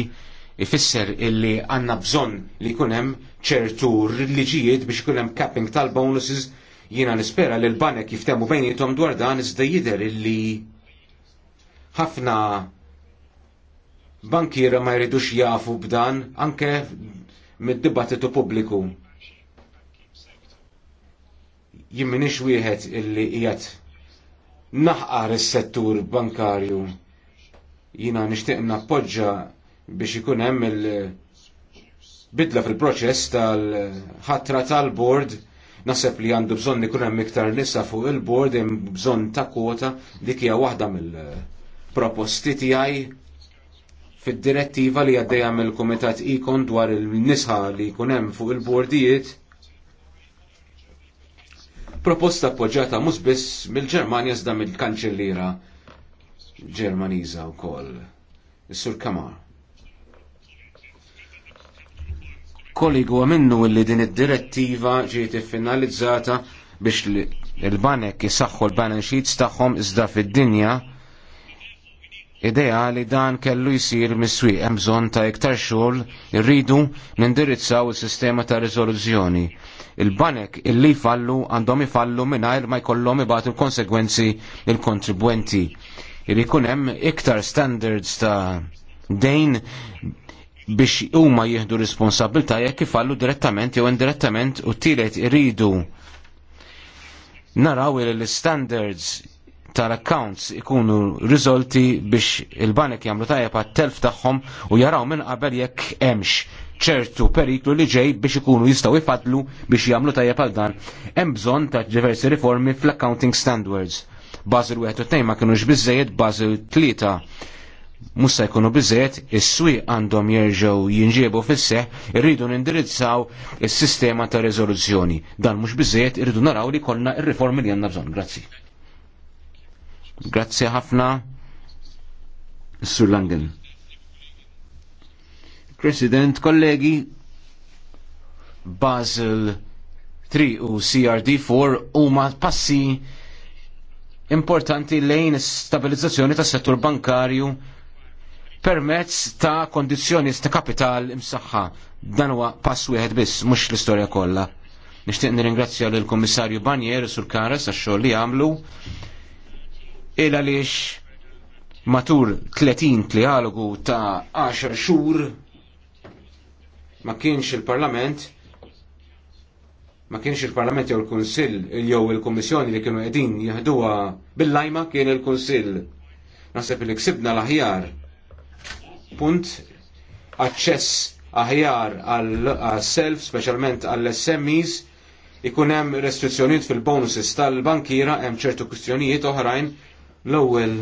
ifisser illi għandna bżonn li jkun hemm ċertu liġijiet biex kullem hemm capping tal-bonuses jiena nispera li l-banek jiftemu bejnietom dwar dan iżda jidher illi ħafna bankira ma jridux jafu b'dan anke mid-dibattitu pubbliku. Jien m'iniex wieħed illi qiegħed naħqar is-settur bankarju. Jiena nixtieq nappoġġa biex ikun hemm il- bidla fil-proċess tal-ħatra tal-bord naħseb li għandu bżonn ikun hemm iktar nisa fuq il-bord hemm bżonn ta' kwota dik hija waħda mill-proposti tiegħi fid-direttiva li għaddejja mill-Kumitat Ikon dwar il nisa li jkun hemm fuq il-bordijiet proposta appoġġjata musbis biss mill-Ġermanja iżda mill-Kanċellira Ġermaniża wkoll. Is-Sur Kamar. kollegu għamennu li din id-direttiva ġiet finalizzata biex il-banek jisaxħu l-balance sheets tagħhom iżda fid-dinja idea li dan kellu jisir miswi swieq hemm bżonn ta' iktar xogħol irridu nindirizzaw is-sistema ta' riżoluzzjoni. Il-banek illi fallu għandhom ifallu mingħajr ma jkollhom ibatu konsegwenzi il-kontribwenti. Irid jkun hemm iktar standards ta' dejn biex huma jieħdu responsabilta jekk ifallu direttament jew indirettament u tielet iridu naraw li l-standards tal-accounts ikunu riżolti biex il-banek jagħmlu tajjeb għat-telf tagħhom u jaraw minn qabel jekk hemmx ċertu periklu li ġej biex ikunu jistgħu jfadlu biex jagħmlu tajjeb għal dan. Hemm bżonn ta' diversi riformi fl-accounting standards. Basel 1 u 2 ma kienux biżżejjed Basel 3 Musa jkunu bizet, is-swieq għandhom jerġgħu jinġiebu fis-seħ, irridu nindirizzaw is-sistema ta' riżoluzzjoni. Dan mhux biżejjed irridu naraw li konna ir-riformi li għandna bżonn. Grazzi. Grazzi ħafna. Sur Langen. President, kollegi, Basel 3 u CRD4 huma passi importanti lejn stabilizzazzjoni tas settur bankarju permezz ta' kondizjoni ta' kapital imsaħħa. Dan huwa pass wieħed biss, mhux l-istorja kollha. Nixtieq nirringrazzja lill kummissarju Banjer sur Karas għax-xogħol li għamlu. Il għaliex matur 30 trialogu ta' 10 xhur ma kienx il-Parlament ma kienx il-Parlament jew il-Kunsill jew il-Kummissjoni li kienu qegħdin jieħduha bil-lajma kien il-Kunsill. Naħseb li ksibna l-aħjar punt aċċess aħjar għal-self, specialment għall-SMEs, ikun hemm restrizzjonijiet fil-bonuses tal-bankira hemm ċertu kwistjonijiet oħrajn l-ewwel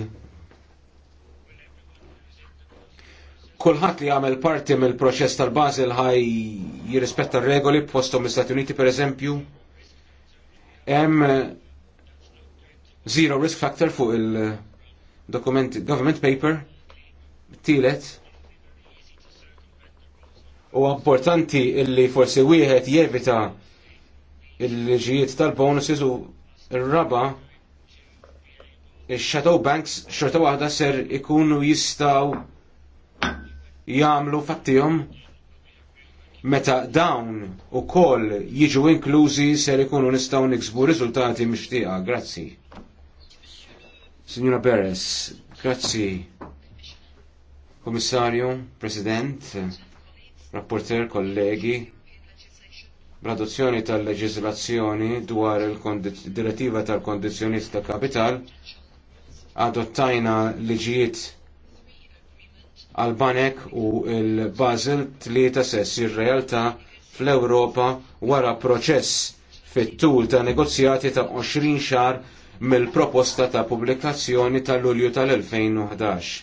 kulħadd li jagħmel parti mill-proċess tal-Basel ħaj jirrispetta r-regoli b'postom l-Istati Uniti pereżempju. Hemm zero risk factor fuq il-dokumenti government paper tielet U importanti illi forsi wieħed jevita il-ġijiet tal-bonuses u r-raba il-shadow banks xorta waħda ser ikunu jistaw jamlu fattijom meta dawn u koll jiġu inklużi ser ikunu nistaw niksbu riżultati mixtieqa. Grazzi. Signora Beres, grazzi. Komissarju, President, rapporter kollegi, l-adozzjoni tal-leġizlazzjoni dwar il-direttiva tal-kondizjoniet ta' kapital, adottajna liġijiet għal-banek u l-Basel tlieta sess ir-realtà fl-Ewropa wara proċess fit-tul ta' negozjati ta' 20 xar mill-proposta ta' pubblikazzjoni tal-Lulju tal-2011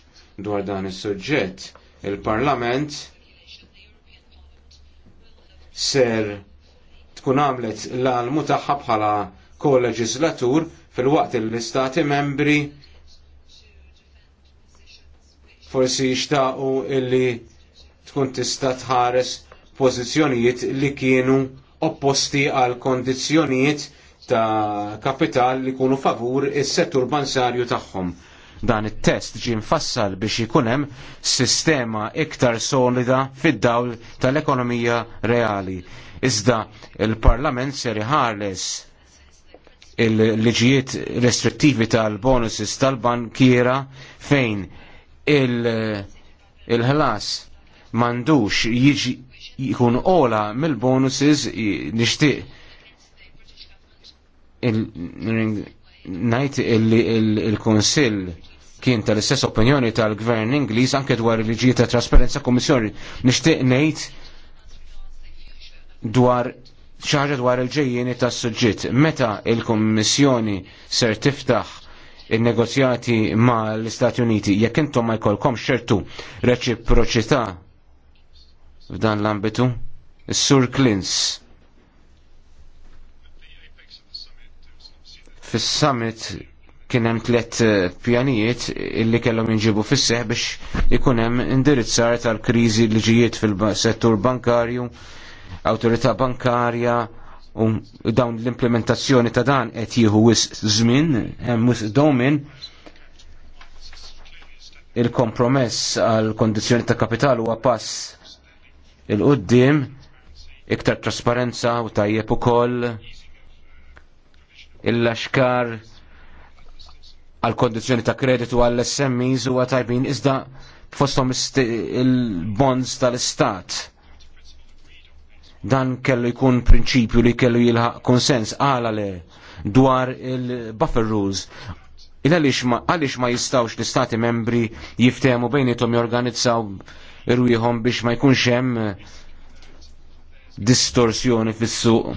dwar dan is-suġġett. Il-Parlament ser tkun għamlet l-almu tagħha bħala koleġislatur fil-waqt l-istati membri forsi jishtaqu illi tkun tista' tħares pożizzjonijiet li kienu opposti għal kondizzjonijiet ta' kapital li kunu favur is-settur banzarju tagħhom. Dan it-test ġie mfassal biex ikun hemm sistema iktar solida fid-dawl tal-ekonomija reali. Iżda il-Parlament ser iħares il-liġijiet restrittivi tal-bonuses tal-bankiera fejn il-ħlas m'għandux mandux jiġi jikun ola mill-bonuses nishtiq il, najt il il, il, il kien tal-istess opinjoni tal-gvern Ingliż anke dwar il-liġijiet ta' trasparenza Kummissjoni nixtieq ngħid dwar ċaġa dwar il-ġejjieni tas suġġiet Meta il-Kummissjoni ser tiftaħ il-negozjati ma' l-Istati Uniti, jekk intom ma' jkollkom xertu reċiproċità f'dan l-ambitu, Sur Klins. Fis-summit kien hemm tliet eh, pjanijiet illi kellhom jinġibu fis seħħ biex ikun hemm indirizzar tal-kriżi li fil-settur bankarju, awtorità bankarja, u dawn l-implementazzjoni ta' dan qed jieħu wis żmien, hemm wis domin il-kompromess għal kondizzjoni ta' kapital huwa pass il-qoddim iktar trasparenza u tajjeb ukoll il-laxkar għal kondizjoni ta' kreditu għall SMEs u għatajbin iżda fostom il-bonds tal-istat. Dan kellu jkun prinċipju li kellu jilħaq konsens għala le dwar il-buffer rules. għalix ma, ma jistawx l-istati membri jiftemu bejnietom jorganizzaw irwieħom biex ma jkunx hemm distorsjoni fis-suq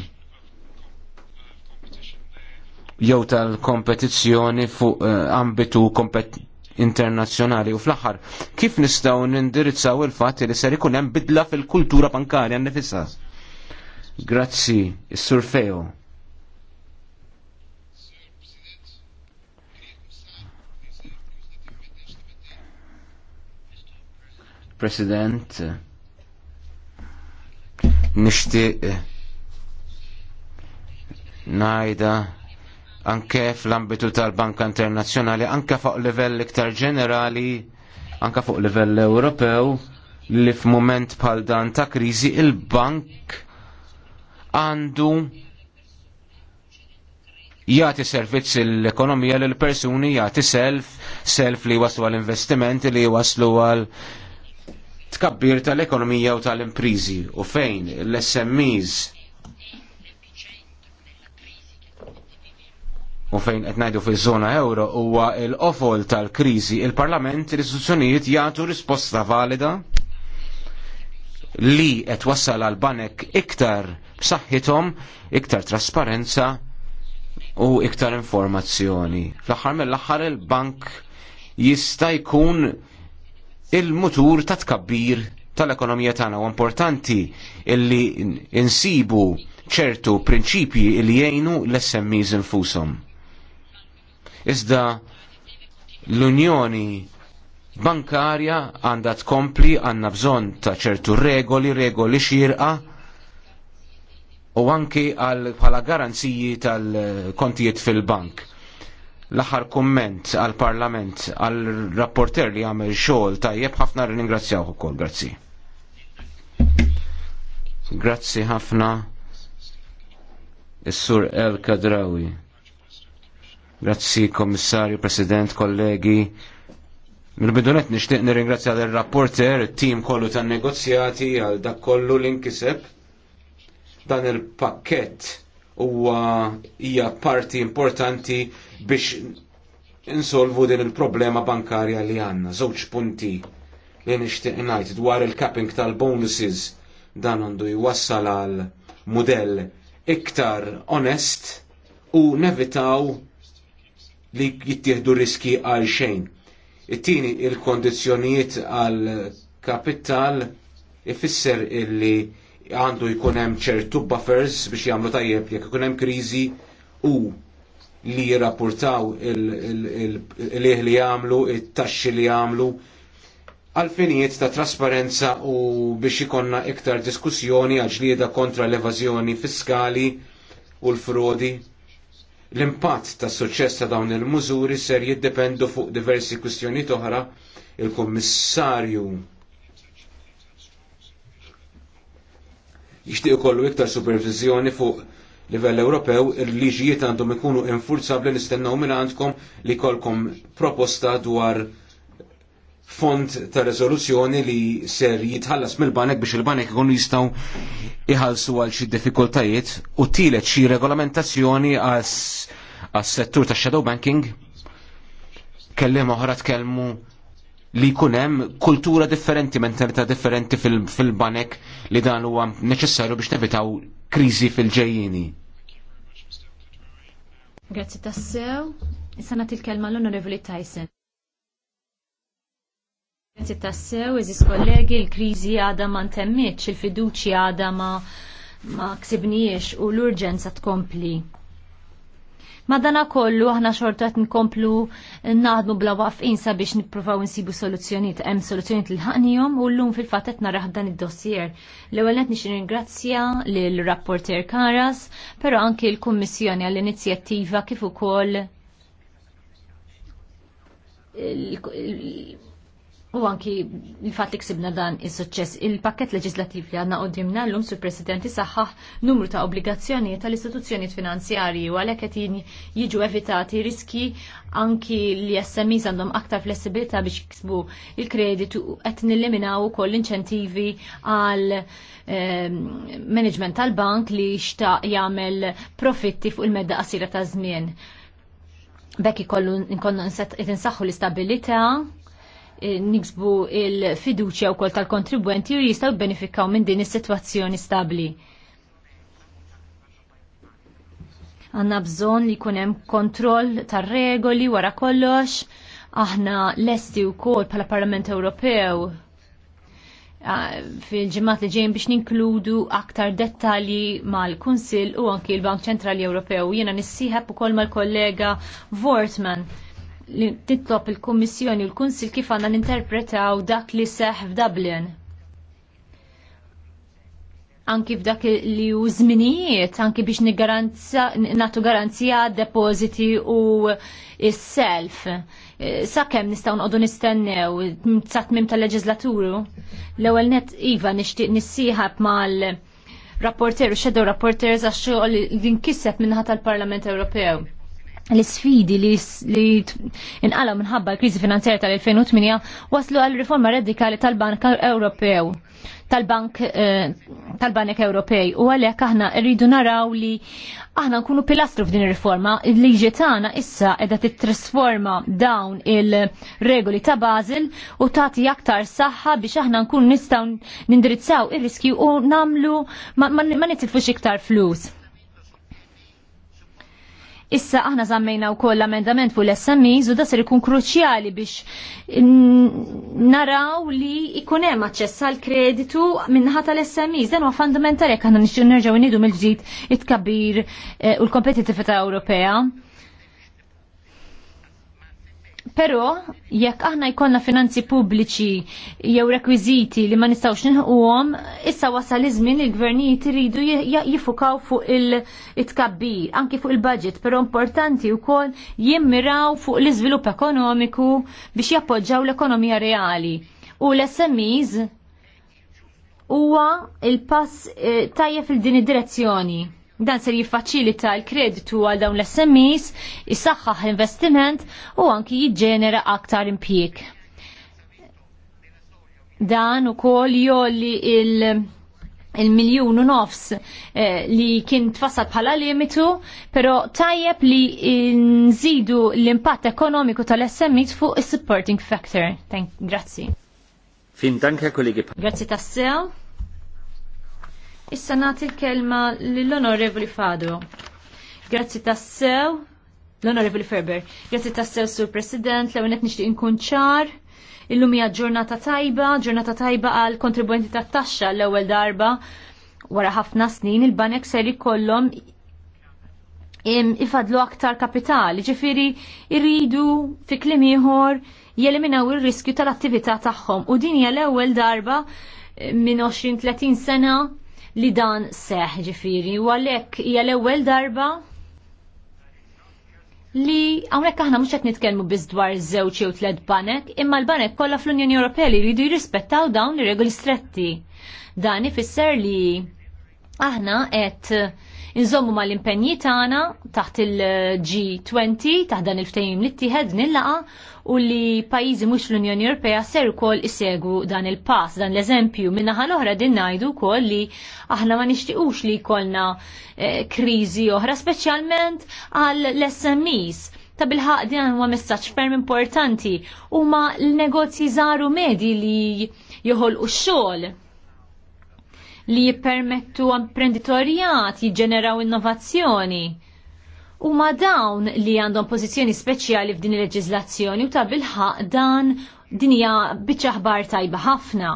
jew tal-kompetizzjoni fuq eh, ambitu internazzjonali u fl-aħħar kif nistgħu nindirizzaw il-fatt li ser ikun hemm bidla fil-kultura bankarja nifisha. Grazzi, is-surfeo. President, nishtiq eh, najda anke fl-ambitu tal-Banka Internazzjonali, anke fuq livell iktar ġenerali, anke fuq livell Ewropew, li f'mument bħal dan ta' kriżi il-bank għandu jagħti servizz l-ekonomija l persuni jagħti self, self li waslu għal investimenti li waslu għal tkabbir tal-ekonomija u tal-imprizi u fejn l-SMEs u fejn qed ngħidu fiż-żona euro huwa l-qofol tal-kriżi, il-Parlament l-istituzzjonijiet jagħtu risposta valida li qed wassal għal banek iktar b'saħħithom, iktar trasparenza u iktar informazzjoni. Fl-aħħar mill-aħħar il-bank jista' jkun il-mutur ta' tkabbir tal-ekonomija tagħna u importanti illi insibu ċertu prinċipji li jgħinu l-SMEs infushom Iżda l-Unjoni bankarja għandha tkompli għandna bżonn ta' ċertu regoli, regoli xirqa u anki għal bħala garanziji tal-kontijiet fil-bank. L-aħħar kumment għal parlament għal rapporter li għamel xogħol tajjeb ħafna rringrazzjaw ukoll, grazzi. Grazzi ħafna. Is-sur El Kadrawi. Grazzi Komissarju, President, kollegi. Mil-bidunet nishtiq nirringrazzja l-rapporter, il-tim kollu tan negozjati għal dak kollu l-inkiseb. Dan il-pakket huwa hija parti importanti biex insolvu din il-problema bankarja li għanna. Żewġ punti li nixtieq ngħid dwar il-capping tal-bonuses dan għandu jwassal għal model iktar onest u nevitaw li jittieħdu riski għal xejn. It-tieni il-kondizzjonijiet għal kapital ifisser illi għandu jkun hemm ċertu buffers biex jagħmlu tajjeb jekk ikun hemm kriżi u li jirrapportaw il-liħ li jagħmlu, it-taxxi li jagħmlu għalfinijiet ta' trasparenza u biex ikonna iktar diskussjoni għal ġlieda kontra l-evażjoni fiskali u l-frodi L-impatt tas suċċess ta' dawn il-mużuri ser jiddependu fuq diversi kwistjoni oħra il-Kummissarju jixtieq ikollu iktar supervizjoni fuq livell Ewropew il-liġijiet għandhom ikunu infurzabli nistennaw minn għandkom li kolkom proposta dwar fond ta' rezoluzzjoni li ser jitħallas mill-banek biex il-banek ikunu jistaw jħallsu għal xi diffikultajiet u tielet xi regolamentazzjoni għas-settur ta' shadow banking kellim oħra tkellmu li jkun hemm kultura differenti, mentalità differenti fil-banek li dan huwa neċessarju biex nevitaw kriżi fil-ġejjini. Grazzi tassew. Issa nagħti l-kelma l-Onorevoli Tyson. Grazzi tassew, eżis kollegi, il-krizi għada ma ntemmiċ, il-fiduċi għada ma ma ksibniex u l-urġenza tkompli. dana kollu aħna xortat nkomplu naħdmu bla waqfin sabiex nippruvaw nsibu soluzzjoniet hemm soluzzjoniet l ħanijom u llum fil-fatt qed naraħ dan id-dossier. L-ewwel qed nixi ringrazzja l rapporter Karas, però anki l-Kummissjoni għall-inizjattiva kif ukoll U anki il-fat li ksibna dan is suċċess il-pakket leġislativ li għanna qoddimna l-lum sur presidenti saħħa numru ta' obbligazzjoni tal-istituzzjonijiet finanzjarji u għalhekk qed jiġu evitati riski anki li SMIS għandhom aktar flessibilità biex jiksbu il-kreditu qed nilliminaw ukoll inċentivi għal ehm, management tal-bank li xtaq jagħmel profitti fuq il-medda qasira ta' żmien. Bekki kollu nkonna nsaħħu l-istabilità niksbu il-fiduċja u kol tal-kontribwenti u jistaw benefikaw minn din is-sitwazzjoni stabli. Għanna bżon li kunem kontroll tar-regoli wara kollox, aħna lesti u kol pala Parlament Ewropew fil-ġemat li ġejn biex ninkludu aktar dettalji mal-Kunsil u anki l-Bank Ċentrali Ewropew. Jiena nissieħab ukoll mal-kollega Vortman li titlob il-Kummissjoni u l-Kunsil kif għandna ninterpretaw dak li seħ f'Dublin. Anki f'dak li hu żminijiet, anki biex nagħtu garanzija depożiti u s-self. E, sakemm nistgħu nqogħdu nistennew sa tmim tal-leġislaturu. L-ewwel net iva nixtieq nissieħab mal rapporter u shadow rapporters għax xogħol li nkiseb minnaħa tal-Parlament Ewropew l-sfidi li, li inqalaw minħabba l-krizi finanzjarja tal-2008 waslu għal riforma radikali tal-Bank Ewropew tal-Bank eh, tal-Banek Ewropej u għalhekk aħna rridu naraw li aħna nkunu pilastru f'din ir-riforma li liġi tagħna issa qiegħda titrasforma dawn il-regoli ta' Basel u tagħti aktar saħħa biex aħna nkunu nistgħu nindirizzaw ir-riskju u namlu ma nitilfux iktar flus Issa aħna zammejna u koll amendament fuq l-SMEs u da ikun kruċjali biex naraw li ikunem hemm aċċess għal kreditu minnaħa tal-SMEs. Dan huwa fundamentali jekk aħna nixtieq nerġgħu nidu mill-ġdid it kabir eh, u l-kompetitività Ewropea. Pero, jekk aħna jkollna finanzi pubbliċi jew rekwiżiti li ma nistgħux nilħquhom, issa wasal iż-żmien il-gvernijiet iridu jifukaw fuq il-tkabbir, anki fuq il-budget, però importanti wkoll jimmiraw fuq l-iżvilupp ekonomiku biex jappoġġaw l-ekonomija reali. U l-SMEs huwa il-pass eh, tajjeb fil din id-direzzjoni Dan ser jiffaċilita l-kreditu għal dawn l-SMEs, jisaxħaħ investiment u anki jiġġenera aktar impjieg. Dan u kol jolli il- il-miljun u nofs eh, li kien tfassal bħala limitu, pero tajjeb li nżidu l-impatt ekonomiku tal smes fuq is supporting factor. Thank, grazzi. Fin danke kollegi. Grazzi tassew. Issa nagħti l-kelma lill-Onorevoli Fado. Grazzi tassew, l-Onorevoli Ferber. Grazzi tassew sur President, l qed nixtieq inkun ċar. Illum hija ġurnata tajba, ġurnata tajba għal kontribuenti tat-taxxa l-ewwel darba wara ħafna snin il-banek ser jkollhom ifadlu aktar kapitali, ġifiri irridu fi klim ieħor jeliminaw ir-riskju tal-attività tagħhom. U din hija l-ewwel darba eh, minn 20-30 sena li dan seħ ġifiri u għalhekk hija l-ewwel darba li hawnhekk aħna mhux qed nitkellmu biss dwar żewġ u tled banek, imma l-banek kolla fl-Unjoni Ewropea li jridu jirrispettaw dawn ir-regoli stretti. Dan ifisser li aħna qed Inżommu mal-impenji tagħna taħt il-G20 taħt dan il-ftehim li ttieħed nillaqa u li pajjiżi mhux l-Unjoni Ewropea ser ukoll isegu dan il-pass dan l-eżempju minnaħa l-oħra din ngħidu wkoll li aħna ma nixtiequx li jkollna eh, kriżi oħra speċjalment għal l-SMEs ta' bil-ħaq dan huwa messaġġ ferm importanti huma l-negozji żaru medi li joħolqu x-xogħol li jippermettu imprenditorijat jiġġeneraw innovazzjoni. U ma dawn li għandhom pożizzjoni speċjali f'din il-leġizlazzjoni u ta' bilħaq dan dinja biċċa ħbar tajba ħafna.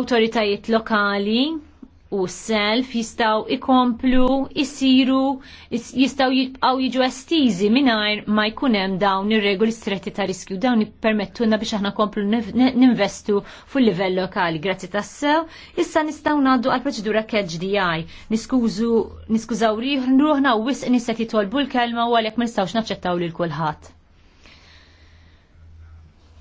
Awtoritajiet lokali, u self jistaw ikomplu, jisiru, jistaw jibqaw jiġu estizi minnajr ma jkunem dawn ir-regoli stretti ta' riskju. Dawn permettuna biex aħna komplu ninvestu fil livell lokali. Grazzi tas-sew. issa nistaw naddu għal proċedura KGDI. Niskużu, niskużaw nruħna u wisq nistaw jitolbu l-kelma u għalek ma nistawx naċċettaw lil kulħadd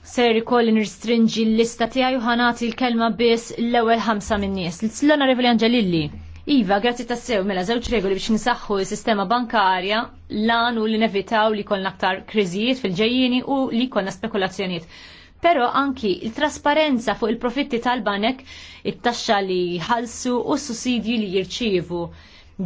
ser ikoll nirstringi l-lista tiegħi u ħanati l-kelma biss l-ewwel ħamsa min-nies. l Revoli Reveli Angelilli. Iva, grazzi tassew mela żewġ regoli biex nisaħħu s-sistema bankarja lan u li nevitaw li jkollna aktar kriżijiet fil-ġejjini u li jkollna spekulazzjonijiet. Pero anki il-trasparenza fuq il-profitti tal-banek, it-taxxa li ħalsu u s-sussidji li jirċivu.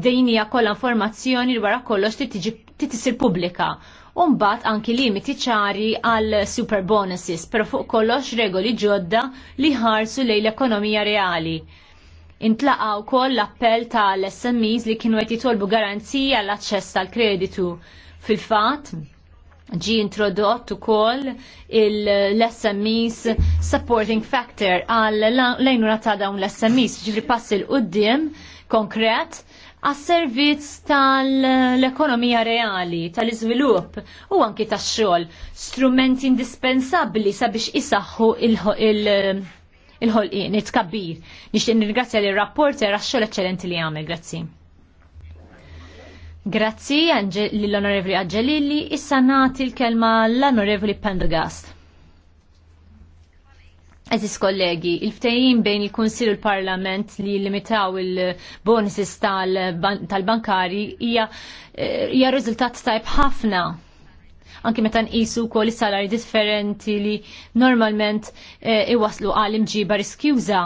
Dejnija kollha informazzjoni li wara kollox titisir pubblika Umbat anki limiti ċari għal super bonuses, pero fuq kollox regoli ġodda li ħarsu lej l-ekonomija reali. Intlaqaw kol l-appell tal-SMEs li kienu għet jitolbu garanzija l-aċċess tal-kreditu. Fil-fat, ġi introdott ukoll l-SMEs supporting factor għal lejnuna ta' dawn l-SMEs ġifri pass il qudiem konkret għas-servizz tal-ekonomija reali, tal-iżvilupp u anki tax-xogħol, strumenti indispensabbli sabiex isaħħu il-ħolqien, it kabir Nixtieq nirgrazzja lir rapporter għax-xogħol eċċellenti li għamel, grazzi. Grazzi lill-Onorevoli Angelilli, issa nagħti l-kelma l-Onorevoli Pendergast. Eżis kollegi, il ftejim bejn il-Kunsil u l-Parlament li limitaw il-bonuses tal-bankari eh, hija riżultat tajb ħafna. Anki meta nqisu wkoll is-salari differenti li normalment eh, iwaslu għal imġiba riskjuża.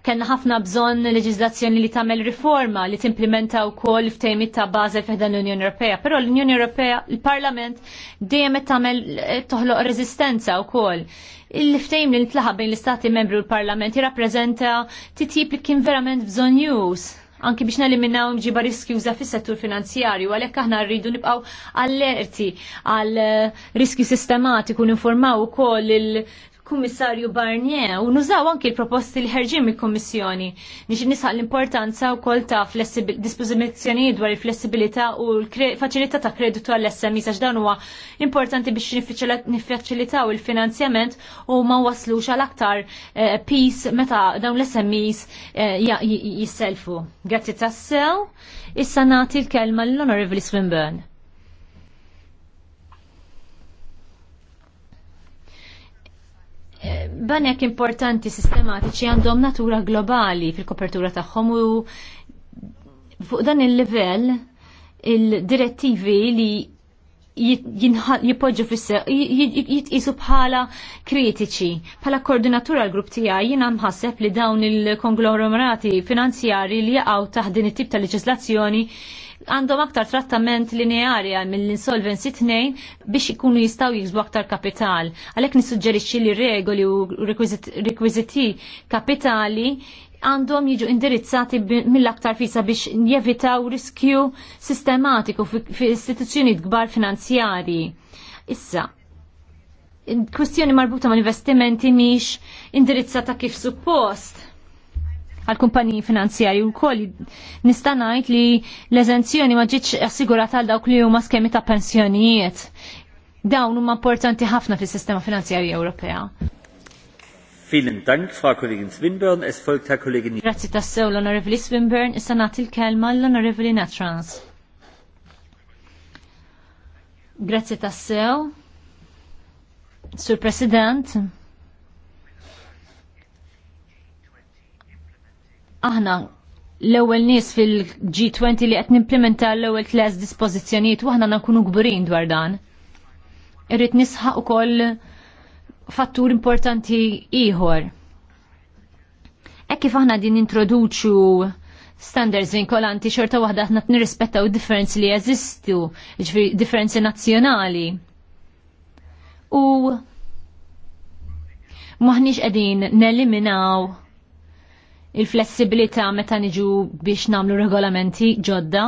Kenna ħafna bżonn leġizlazzjoni li tagħmel riforma li timplementa wkoll ftejmit ta' bażel fih dan l-Unjoni Ewropea, però l-Unjoni Ewropea, il-Parlament dejjem qed tagħmel toħloq reżistenza wkoll. Il-ftehim li ntlaħa bejn l-Istati membri u l-Parlament jirrappreżenta titjib li kien verament bżonn jus anki biex neliminaw mġiba riski uża fis-settur finanzjarju, għalhekk aħna rridu nibqgħu allerti għal riski sistematiku ninformaw ukoll il Kummissarju Barnier u nużaw anki l-proposti li ħerġin mill-Kummissjoni nix nisħaq l-importanza wkoll ta' dispożizzjonijiet dwar il-flessibilità u l-faċilità ta' kreditu għall-SMI għax dan huwa importanti biex niffaċilitaw il-finanzjament u ma waslux għal aktar eh, peace meta dawn l-SMIs eh, jisselfu. Grazzi tassew, issa nagħti l-kelma l-Honorable Swinburne. banek importanti sistematiċi għandhom natura globali fil-kopertura tagħhom u fuq dan il-livell il-direttivi li jipoġġu fissa, jitqisu bħala kritiċi. Bħala koordinatura għall grupp tiegħi jiena mħasseb li dawn il-konglomerati finanzjari li jaqgħu taħt din it-tip ta' leġislazzjoni għandhom aktar trattament lineari mill-insolvency 2 biex ikunu jistaw jiksbu aktar kapital. Għalek nissuġġerixxi li regoli u rekwiziti kapitali għandhom jiġu indirizzati mill-aktar fisa biex jevitaw riskju sistematiku fi istituzzjonijiet kbar finanzjarji. Issa, kwestjoni marbuta ma' investimenti miex indirizzata kif suppost għal-kumpaniji finanzjarji wkoll nista' ngħid li l-eżenzjoni ma ġietx assigurata għal dawk li huma skemi ta' pensjonijiet. Dawn huma importanti ħafna fis-sistema finanzjarja Ewropea. Vielen Dank, Frau Kollegin Swinburne. Es folgt Herr Kollegin. Grazie tassew l Swinburne. Issa nagħti l-kelma l-Onorevoli Natrans. Grazie tassew. Sur President, aħna l-ewwel nies fil-G20 li qed nimplementa l-ewwel tlas dispożizzjonijiet u aħna nkunu kburin dwar dan. Irrid nisħaq ukoll fattur importanti ieħor. Hekk kif aħna din introduċu standards vinkolanti xorta waħda aħna nirrispettaw differenzi li jeżistu, differenzi nazzjonali. U maħniex qegħdin neliminaw il-flessibilità meta niġu biex namlu regolamenti ġodda.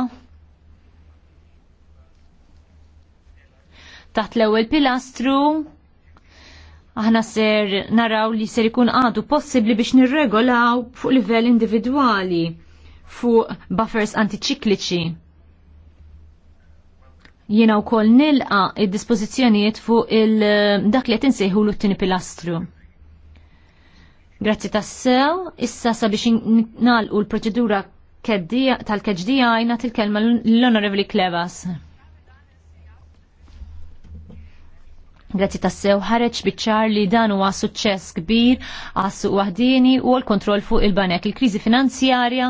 Taħt l-ewwel pilastru aħna ser naraw li ser ikun għadu possibbli biex nirregolaw fuq livell individwali fuq buffers antiċikliċi. Jiena wkoll nilqa id-dispożizzjonijiet fuq il dak li qed insejħu l-uttini pilastru. Grazzi tassew, issa sabiex nalqu l-proċedura tal-KGDI għajna til-kelma l-Onorevoli Klevas. Grazzi tassew ħareċ biċċar li dan huwa suċċess kbir għas waħdini u l-kontroll fuq il-banek. Il-kriżi finanzjarja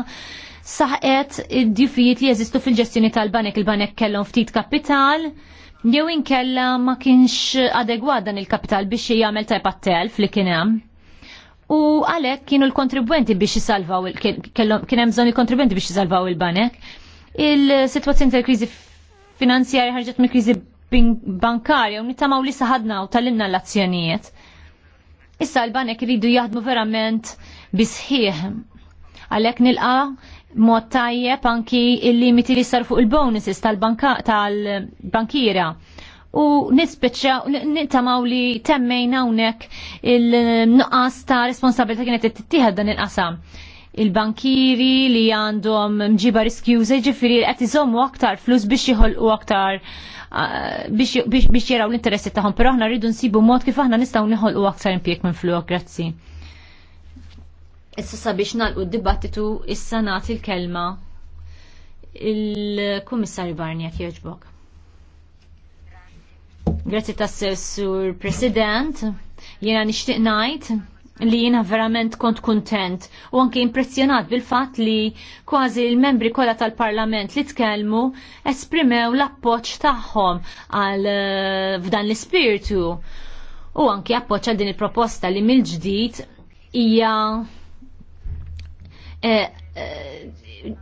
saħqet id-diffijiet li jeżistu fil-ġestjoni tal-banek. Il-banek kellhom ftit kapital, jew inkella ma kienx adegwat dan il-kapital biex jagħmel tajpa telf li kien hemm U għalek kienu l-kontribwenti biex jisalvaw, kien hemm bżonn il-kontribwenti biex jisalvaw il-banek. il situazzjoni tal-kriżi finanzjarja ħarġet mill kriżi bankarja u nittamaw li saħadna u tal-inna l-azzjonijiet. Issa l-banek iridu jaħdmu verament bisħieħ. Għalek nilqa mod tajjeb anki il-limiti li sar fuq il-bonuses tal-bankira. tal bankira u nispiċċa nittamaw li temmejn hawnhekk il-nuqqas ta' responsabilità kienet tittieħed dan il-qasam il-bankiri li għandhom mġiba riskjuża ġifiri qed iżommu aktar flus biex jħolqu aktar biex jaraw l-interessi tagħhom, però aħna rridu nsibu mod kif aħna nistgħu niħolqu aktar impjek minn flu grazzi. Issa sabiex nagħlqu d-dibattitu issa nagħti l-kelma il-Kummissarju Barnier jogħġbok. Grazzi tassew sur President, jena nishtiq najt li jena verament kont kontent u anke impressjonat bil-fat li kważi il-membri kollha tal-Parlament li tkellmu esprimew l-appoġġ tagħhom għal eh, f'dan l-ispirtu u anke appoċ għal din il-proposta li mill-ġdid hija eh, eh,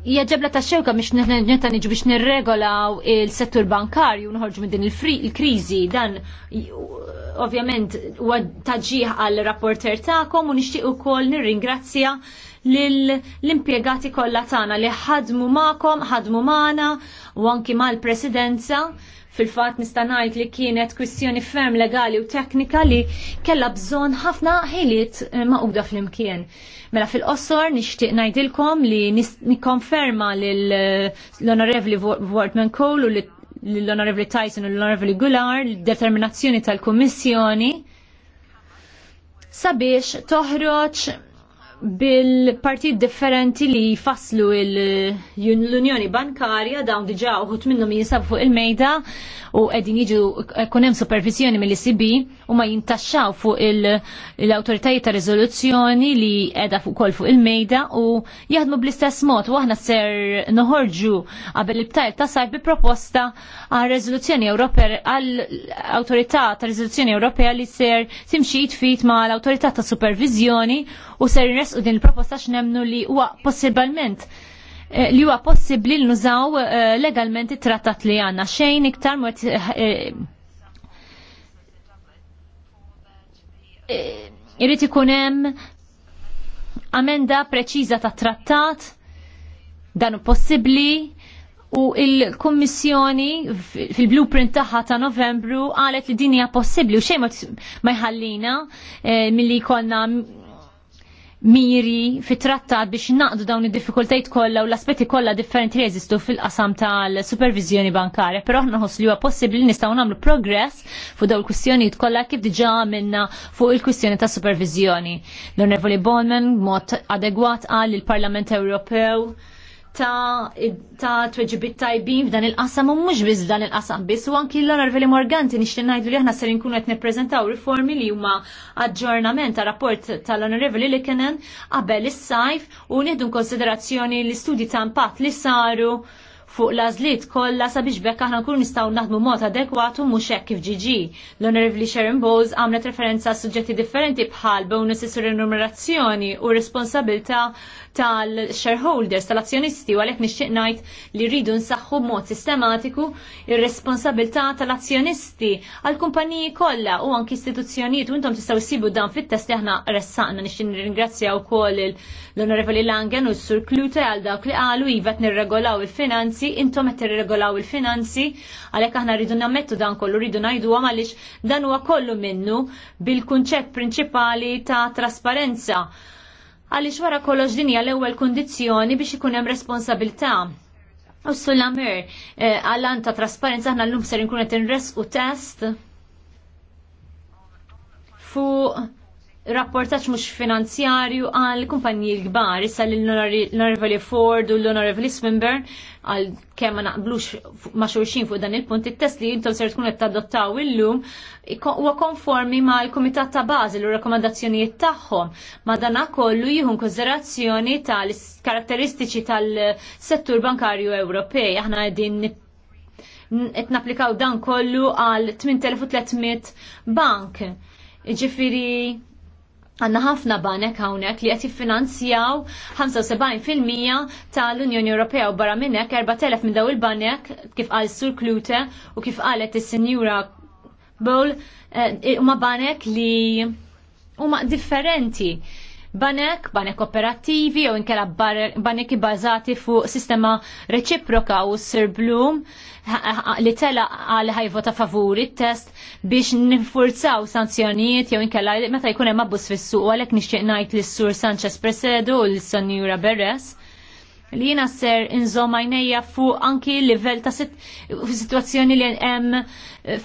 jaġebla ta' xewka biex neta niġu biex nirregolaw il-settur bankarju nħorġu minn din il-krizi dan ovvjament huwa taġġieħ għal rapporter tagħkom u nixtieq ukoll nirringrazzja lill-impjegati kollha tagħna li ħadmu magħkom, ħadmu magħna u anki mal-presidenza Fil-fatt nista' ngħid li kienet kwistjoni ferm legali u teknika li kellha bżonn ħafna ħiliet eh, maquda flimkien. Mela fil-qosor nixtieq ngħidilkom li nikkonferma lill-Onorevli eh, Wortman Cole u l-Onorevli Tyson u l-Onorevli Gular determinazzjoni tal-Kummissjoni sabiex toħroġ bil-partit differenti li faslu l-Unjoni Bankarja dawn diġa uħut minnhom jinsab fuq il-mejda u qegħdin jiġu kunem hemm mill-ICB u ma jintaxxaw fuq l autoritajiet ta' Rizoluzzjoni li qiegħda fuq kol fuq il-mejda u jaħdmu bl-istess mod u aħna ser noħorġu qabel il-btajl ta' sajt bi proposta għal Rizoluzzjoni Ewropea għal awtorità ta' Rizoluzzjoni Ewropea li ser timxi jitfit ma' l-awtorità ta' supervizjoni u ser nresqu din il-proposta x'nemmnu li huwa possibilment eh, li huwa possibbli l nużaw eh, legalment it-trattat li għandna xejn iktar mwet eh, Irid ikun hemm amenda preċiża tat trattat dan hu possibbli U il-Kommissjoni fil-blueprint tagħha ta' Novembru qalet li din hija possibbli u xejn ma jħallina milli jkollna miri fit trattat biex naqdu dawn id-diffikultajt kollha u l-aspetti kollha differenti li jeżistu fil-qasam tal-supervizjoni bankarja, però aħna li huwa possibbli nistgħu nagħmlu progress fuq dawn il-kwistjonijiet kollha kif diġà għamilna fuq il-kwistjoni tas supervizjoni. L-Onorevoli Bowman b'mod adegwat għal il-Parlament Ewropew ta' ta' tweġibit tajbin f'dan il-qasam u mhux biss f'dan il-qasam biss u anki l-onar Veli Morganti nixtieq ngħidu li aħna se jkunu qed nippreżentaw riformi li huma aġġornament ta' rapport tal-Onorevoli li kien qabel is-sajf u nieħdu konsiderazzjoni l-istudji ta' impatt li saru fuq lażliet kollha sabiex bekk aħna nkunu nistgħu naħdmu mod adekwat u mhux hekk kif ġiġi. L-Onorevoli Sharon Bowles għamlet referenza għas suġġetti differenti bħal bonus is renumerazzjoni u responsabilta' tal-shareholders, tal-azzjonisti, u għalhekk nixtieq ngħid li rridu nsaħħu b'mod sistematiku il-responsabilta tal-azzjonisti għall-kumpaniji kollha u għank istituzzjonijiet u intom tistaw jsibu dan fit-test li aħna ressaqna nixtieq u kol l-Onorevoli Langen u s-Sur Klute għal dawk li qalu iva nirregolaw il-finanzi, intom qed tirregolaw il-finanzi, għalhekk aħna rridu nammettu dan kollu, rridu najdu għaliex dan huwa kollu minnu bil-kunċett prinċipali ta' trasparenza għaliex wara kollox din hija l-ewwel kundizzjoni biex ikun hemm responsabilità. U s-sulamir, eh, għallan ta' trasparenza ħna l-lum ser nkun qed inresqu test fuq rapportaċ mux finanzjarju għal kumpanji l-gbar, issa l-Honorable Ford u l-Honorable Swinburne għal kemm ma naqblux ma xurxin fuq dan il-punt, il-test li jintom ser tkun qed tadottaw illum huwa konformi ma l-Kumitat ta' bazi u rakkomandazzjonijiet tagħhom. Ma dan kollu jieħu konsiderazzjoni tal-karatteristiċi tal-settur bankarju Ewropej. Aħna qegħdin qed napplikaw dan kollu għal 8300 bank. Ġifiri, għanna ħafna banek hawnhekk li qed jiffinanzjaw 75% tal-Unjoni Ewropea u barra minnek 4000 minn daw il-banek kif qal Sur Klute u kif qalet is-Sinjura Bowl eh, huma banek li huma differenti banek, banek operattivi u inkela banek bazati fuq sistema reċiproka u Sir Bloom li tela għal ħajvota favuri test biex nifurzaw sanzjonijiet jew inkella meta jkun hemm abbuż fis-suq għalhekk nixtieq ngħid lis-Sur Sanchez Presedo u l-Sonjura Beres li jina ser inżom għajnejja fuq anki livell ta' situazzjoni li hemm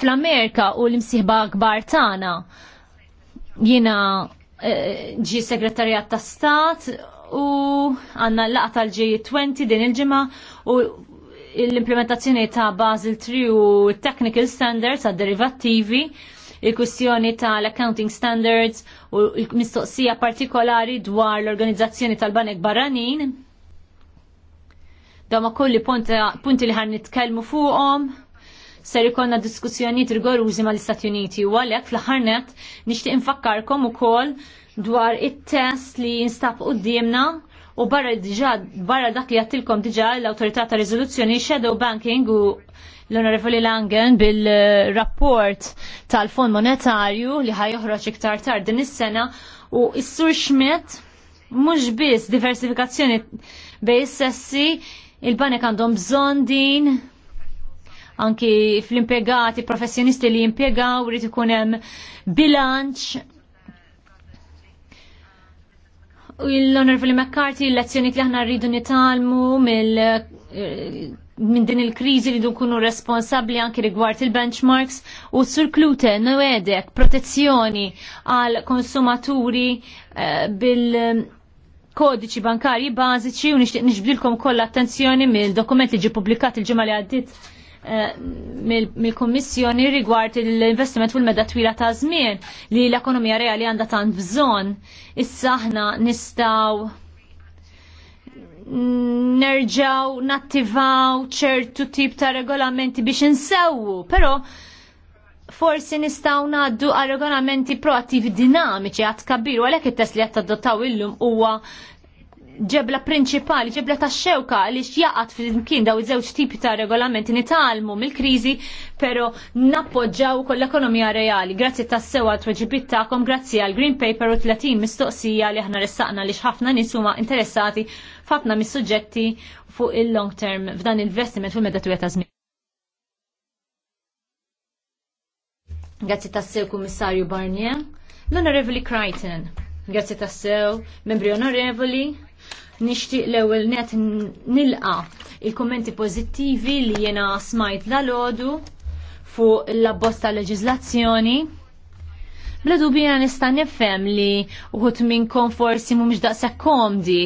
fl-Amerika u l-imsiħba kbar tagħna. Jina Eh, ġi segretarjat ta' stat u għanna laqa tal-G20 din il-ġimma u l-implementazzjoni ta' Basel 3 u technical standards għad derivattivi il-kwistjoni tal-accounting standards u l-mistoqsija partikolari dwar l-organizzazzjoni tal-banek barranin. Dawma kolli punti li ħan nitkellmu fuqhom ser ikonna diskussjonijiet rigorużi mal-Istati Uniti u għalhekk fl-ħarnet nixtieq infakkarkom ukoll dwar it-test li jinstab qudiemna u barra diġa, barra dak li għattilkom diġa l-autorità ta' rizoluzzjoni shadow banking u l-onorevoli Langen bil-rapport tal-Fond Monetarju li ħaj joħroġ iktar tard din is-sena u s-sur Schmidt mhux biss diversifikazzjoni bej sessi il-banek għandhom bżonn din anki fl-impjegati professjonisti li jimpjegaw irid ikun hemm bilanċ l-Honorable McCarthy l-azzjoni li aħna rridu nitalmu mill eh, minn din il-kriżi li nkunu responsabbli anki rigward il-benchmarks u sur klute nwedek protezzjoni għal konsumaturi eh, bil kodiċi bankarji bażiċi u nixtieq nixbdilkom kollha attenzjoni mill-dokument li ġie publikat il-ġimgħa li għaddit Eh, mill-Kommissjoni rigward l-investiment fil-meda twila ta' żmien li l-ekonomija reali għandha tant bżonn. Issa aħna nistgħu nerġaw nattivaw ċertu tip ta' regolamenti biex insewwu, però forsi nistgħu ngħaddu għal regolamenti proattivi dinamiċi għad kabiru għalhekk it-test li qed tadottaw illum huwa ġebla prinċipali, ġebla ta' xewka li xjaqat fil-imkien daw iż-żewġ tipi ta' regolamenti nitalmu mill-kriżi, pero nappoġġaw kol l-ekonomija reali. Grazzi ta' sewa t-weġibit ta'kom, grazzi għal Green Paper u t-latin mistoqsija li ħna ressaqna li xħafna nisuma interessati f'ħafna mis-suġġetti fuq il-long term f'dan investiment fuq medda ta' żmien. Grazzi ta' sew Kummissarju Barnier, l-Onorevoli Crichton. Grazzi tassew, membri onorevoli, nixtieq l-ewwel net nilqa il-kommenti pożittivi li jiena smajt dal-għodu fuq l-abbozz leġiżlazzjoni. Bla dubi jena nista' nifhem li uħut kom forsi mhumiex daqshekk komdi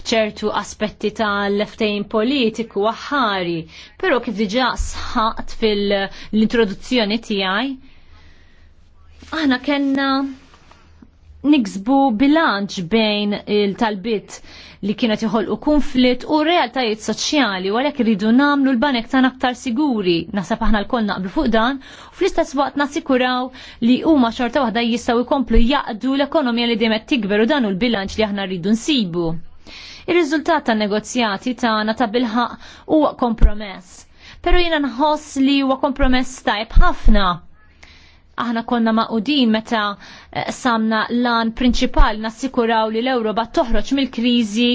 bċertu aspetti tal-leftejn politiku aħħari, però kif diġà sħaqt fil-introduzzjoni tiegħi, aħna kellna niksbu bilanċ bejn il-talbit li kienet joħolqu konflitt u realtajiet soċjali għalhekk irridu nagħmlu l-banek tan aktar siguri naħseb aħna lkoll naqblu fuq dan u fl-istess waqt nassikuraw li huma xorta waħda jistgħu jkomplu jaqdu l-ekonomija li demet tikber u dan u l-bilanċ li aħna rridu nsibu. Ir-riżultat tan-negozjati tagħna ta' bilħaq huwa kompromess. Pero jiena nħoss li huwa kompromess tajb ħafna aħna konna maqudin meta eh, samna lan prinċipali nassikuraw li l europa toħroġ mill-kriżi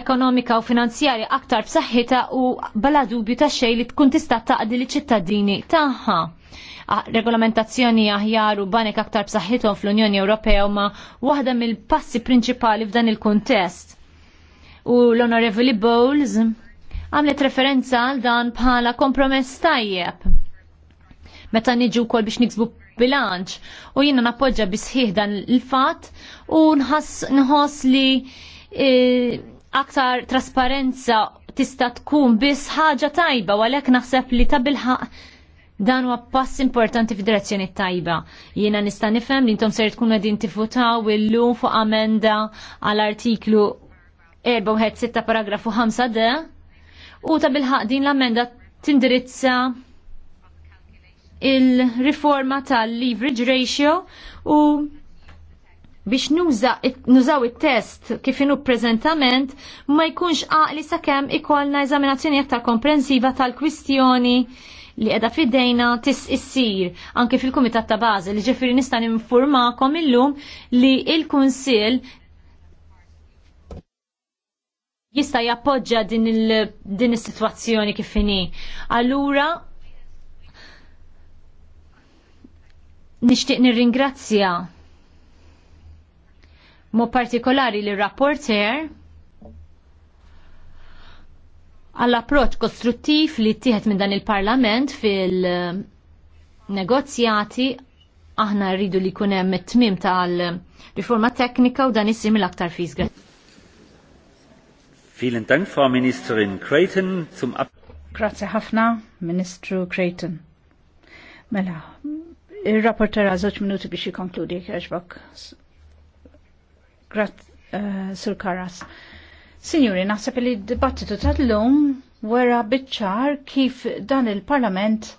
ekonomika u finanzjarja aktar b'saħħitha u bala dubju ta' xej li tkun tista' taqdi li ċittadini tagħha. Regolamentazzjoni aħjar u banek aktar b'saħħithom fl-Unjoni Ewropea huma waħda mill-passi prinċipali f'dan il-kuntest. U l-Onorevoli Bowles għamlet referenza għal dan bħala kompromess tajjeb meta niġu wkoll biex niksbu bilanċ. U jiena nappoġġa bisħiħ dan il-fatt u nħoss li e, aktar trasparenza tista' tkun bis ħaġa tajba u għalhekk naħseb li ta' bilħaq dan huwa pass importanti f'direzzjoni tajba. Jiena nista' nifhem li intom ser tkun qegħdin tifutaw illum fuq amenda għal artiklu 46 paragrafu 5 d u ta' bilħaq din l-amenda tindirizza il-riforma tal-leverage ratio u biex nużaw it-test kif inu prezentament ma jkunx għaqli sakemm ikollna eżaminazzjoni aktar komprensiva tal-kwistjoni li edha fidejna tis issir anke fil-Kumitat ta' Bażel li ġifieri nista' ninformakom illum li il-Kunsill jista' jappoġġa din is-sitwazzjoni kif inhi. Allura Nixtieq nirringrazzja mo partikolari li rapporter għall approċ kostruttiv li tieħed minn dan il-Parlament fil-negozjati aħna rridu li jkun hemm it-tmim tal-riforma teknika u dan issim l-aktar fiżga. Vielen Dank, Frau Ministerin Creighton, zum Grazie ħafna, Ministru Creighton. Mela, Il-rapporter għazoċ minuti biex jikonkludi, kħeġbok. Grat, Sir eh, Sur Karas. Signori, naħseb li d-dibattitu tal-lum wera bitċar kif dan il-parlament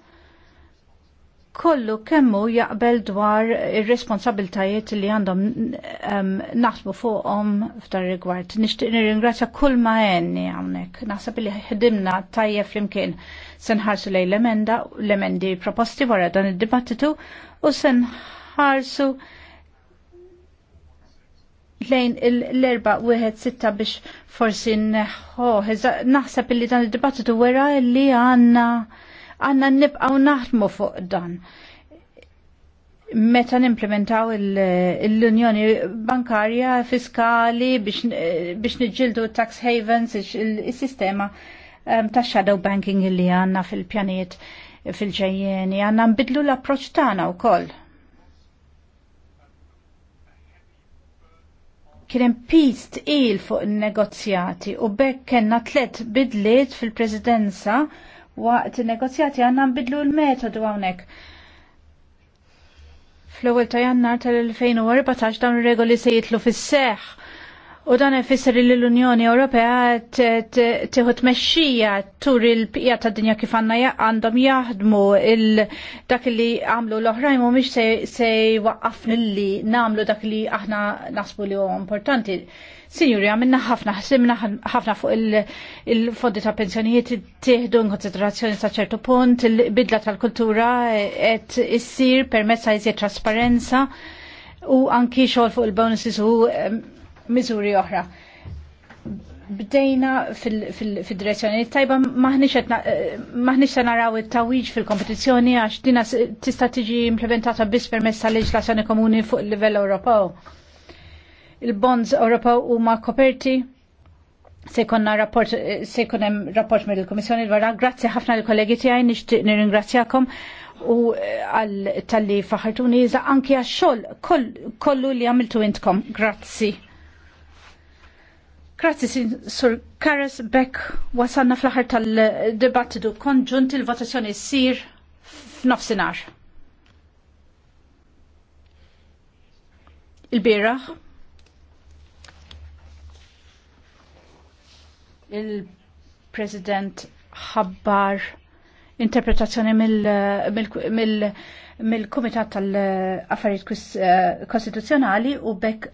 kollu kemmu jaqbel dwar ir-responsabiltajiet li għandhom um, naħsbu fuqhom f'dar rigward. Nixtieq nirringrazzja kull ma għenni hawnhekk. Naħseb li ħdimna tajjeb flimkien se nħarsu lejn l-emenda, l-emendi proposti wara dan id-dibattitu u se nħarsu lejn l-erba wieħed sitta biex forsi neħħo. Naħseb li dan id-dibattitu wera li għandna għanna nibqaw naħdmu fuq dan. Meta nimplementaw l-Unjoni Bankarja Fiskali biex nġildu tax havens, il-sistema um, ta' shadow banking li għanna fil-pjaniet fil-ġejjeni, għanna nbidlu l-approċ tagħna wkoll. kien pist il fuq il-negozjati u bekk kena tlet bidliet fil-presidenza waqt negozjati għanna nbidlu l-metodu għawnek. Fl-ewwel ta' jannar tal-2014 dawn ir-regoli se jitlu fis seħ U dan ifisser li l-Unjoni Ewropea tieħu tmexxija tur il bqija tad dinja kif għandna għandhom jaħdmu dak li għamlu l-oħrajn mhumiex se jwaqqafni li nagħmlu dak li aħna naħsbu li huwa importanti Signori, għamilna ħafna, ħsimna ħafna fuq il-fondi ta' pensjonijiet tieħdu in konsiderazzjoni ta' ċertu punt, il-bidla tal-kultura qed issir permezz ta' iżjed trasparenza u anki xogħol fuq il-bonuses u miżuri oħra bdejna fil-direzzjoni tajba maħni ta' e, naraw it-tawiġ fil-kompetizjoni għax dina tista' tiġi implementata biss permezz ta' leġlazzjoni komuni fuq il-livell Ewropew il-bonds Ewropew ma koperti. Se konna rapport, se konem rapport mill il-Komissjoni vara Grazzi ħafna l-kollegi tiegħi nixtieq nirringrazzjakom u għal tal-li faħartuni iżda anki għax-xogħol kollu li għamiltu intkom. Grazzi. Grazzi, Sur Karas Beck, wasanna fl-aħħar tal-dibattitu konġunt il-votazzjoni ssir f'nofsinhar. Il-bieraħ. il-President ħabbar interpretazzjoni mill-Kumitat tal-Affarijiet eh, Kostituzzjonali u bekk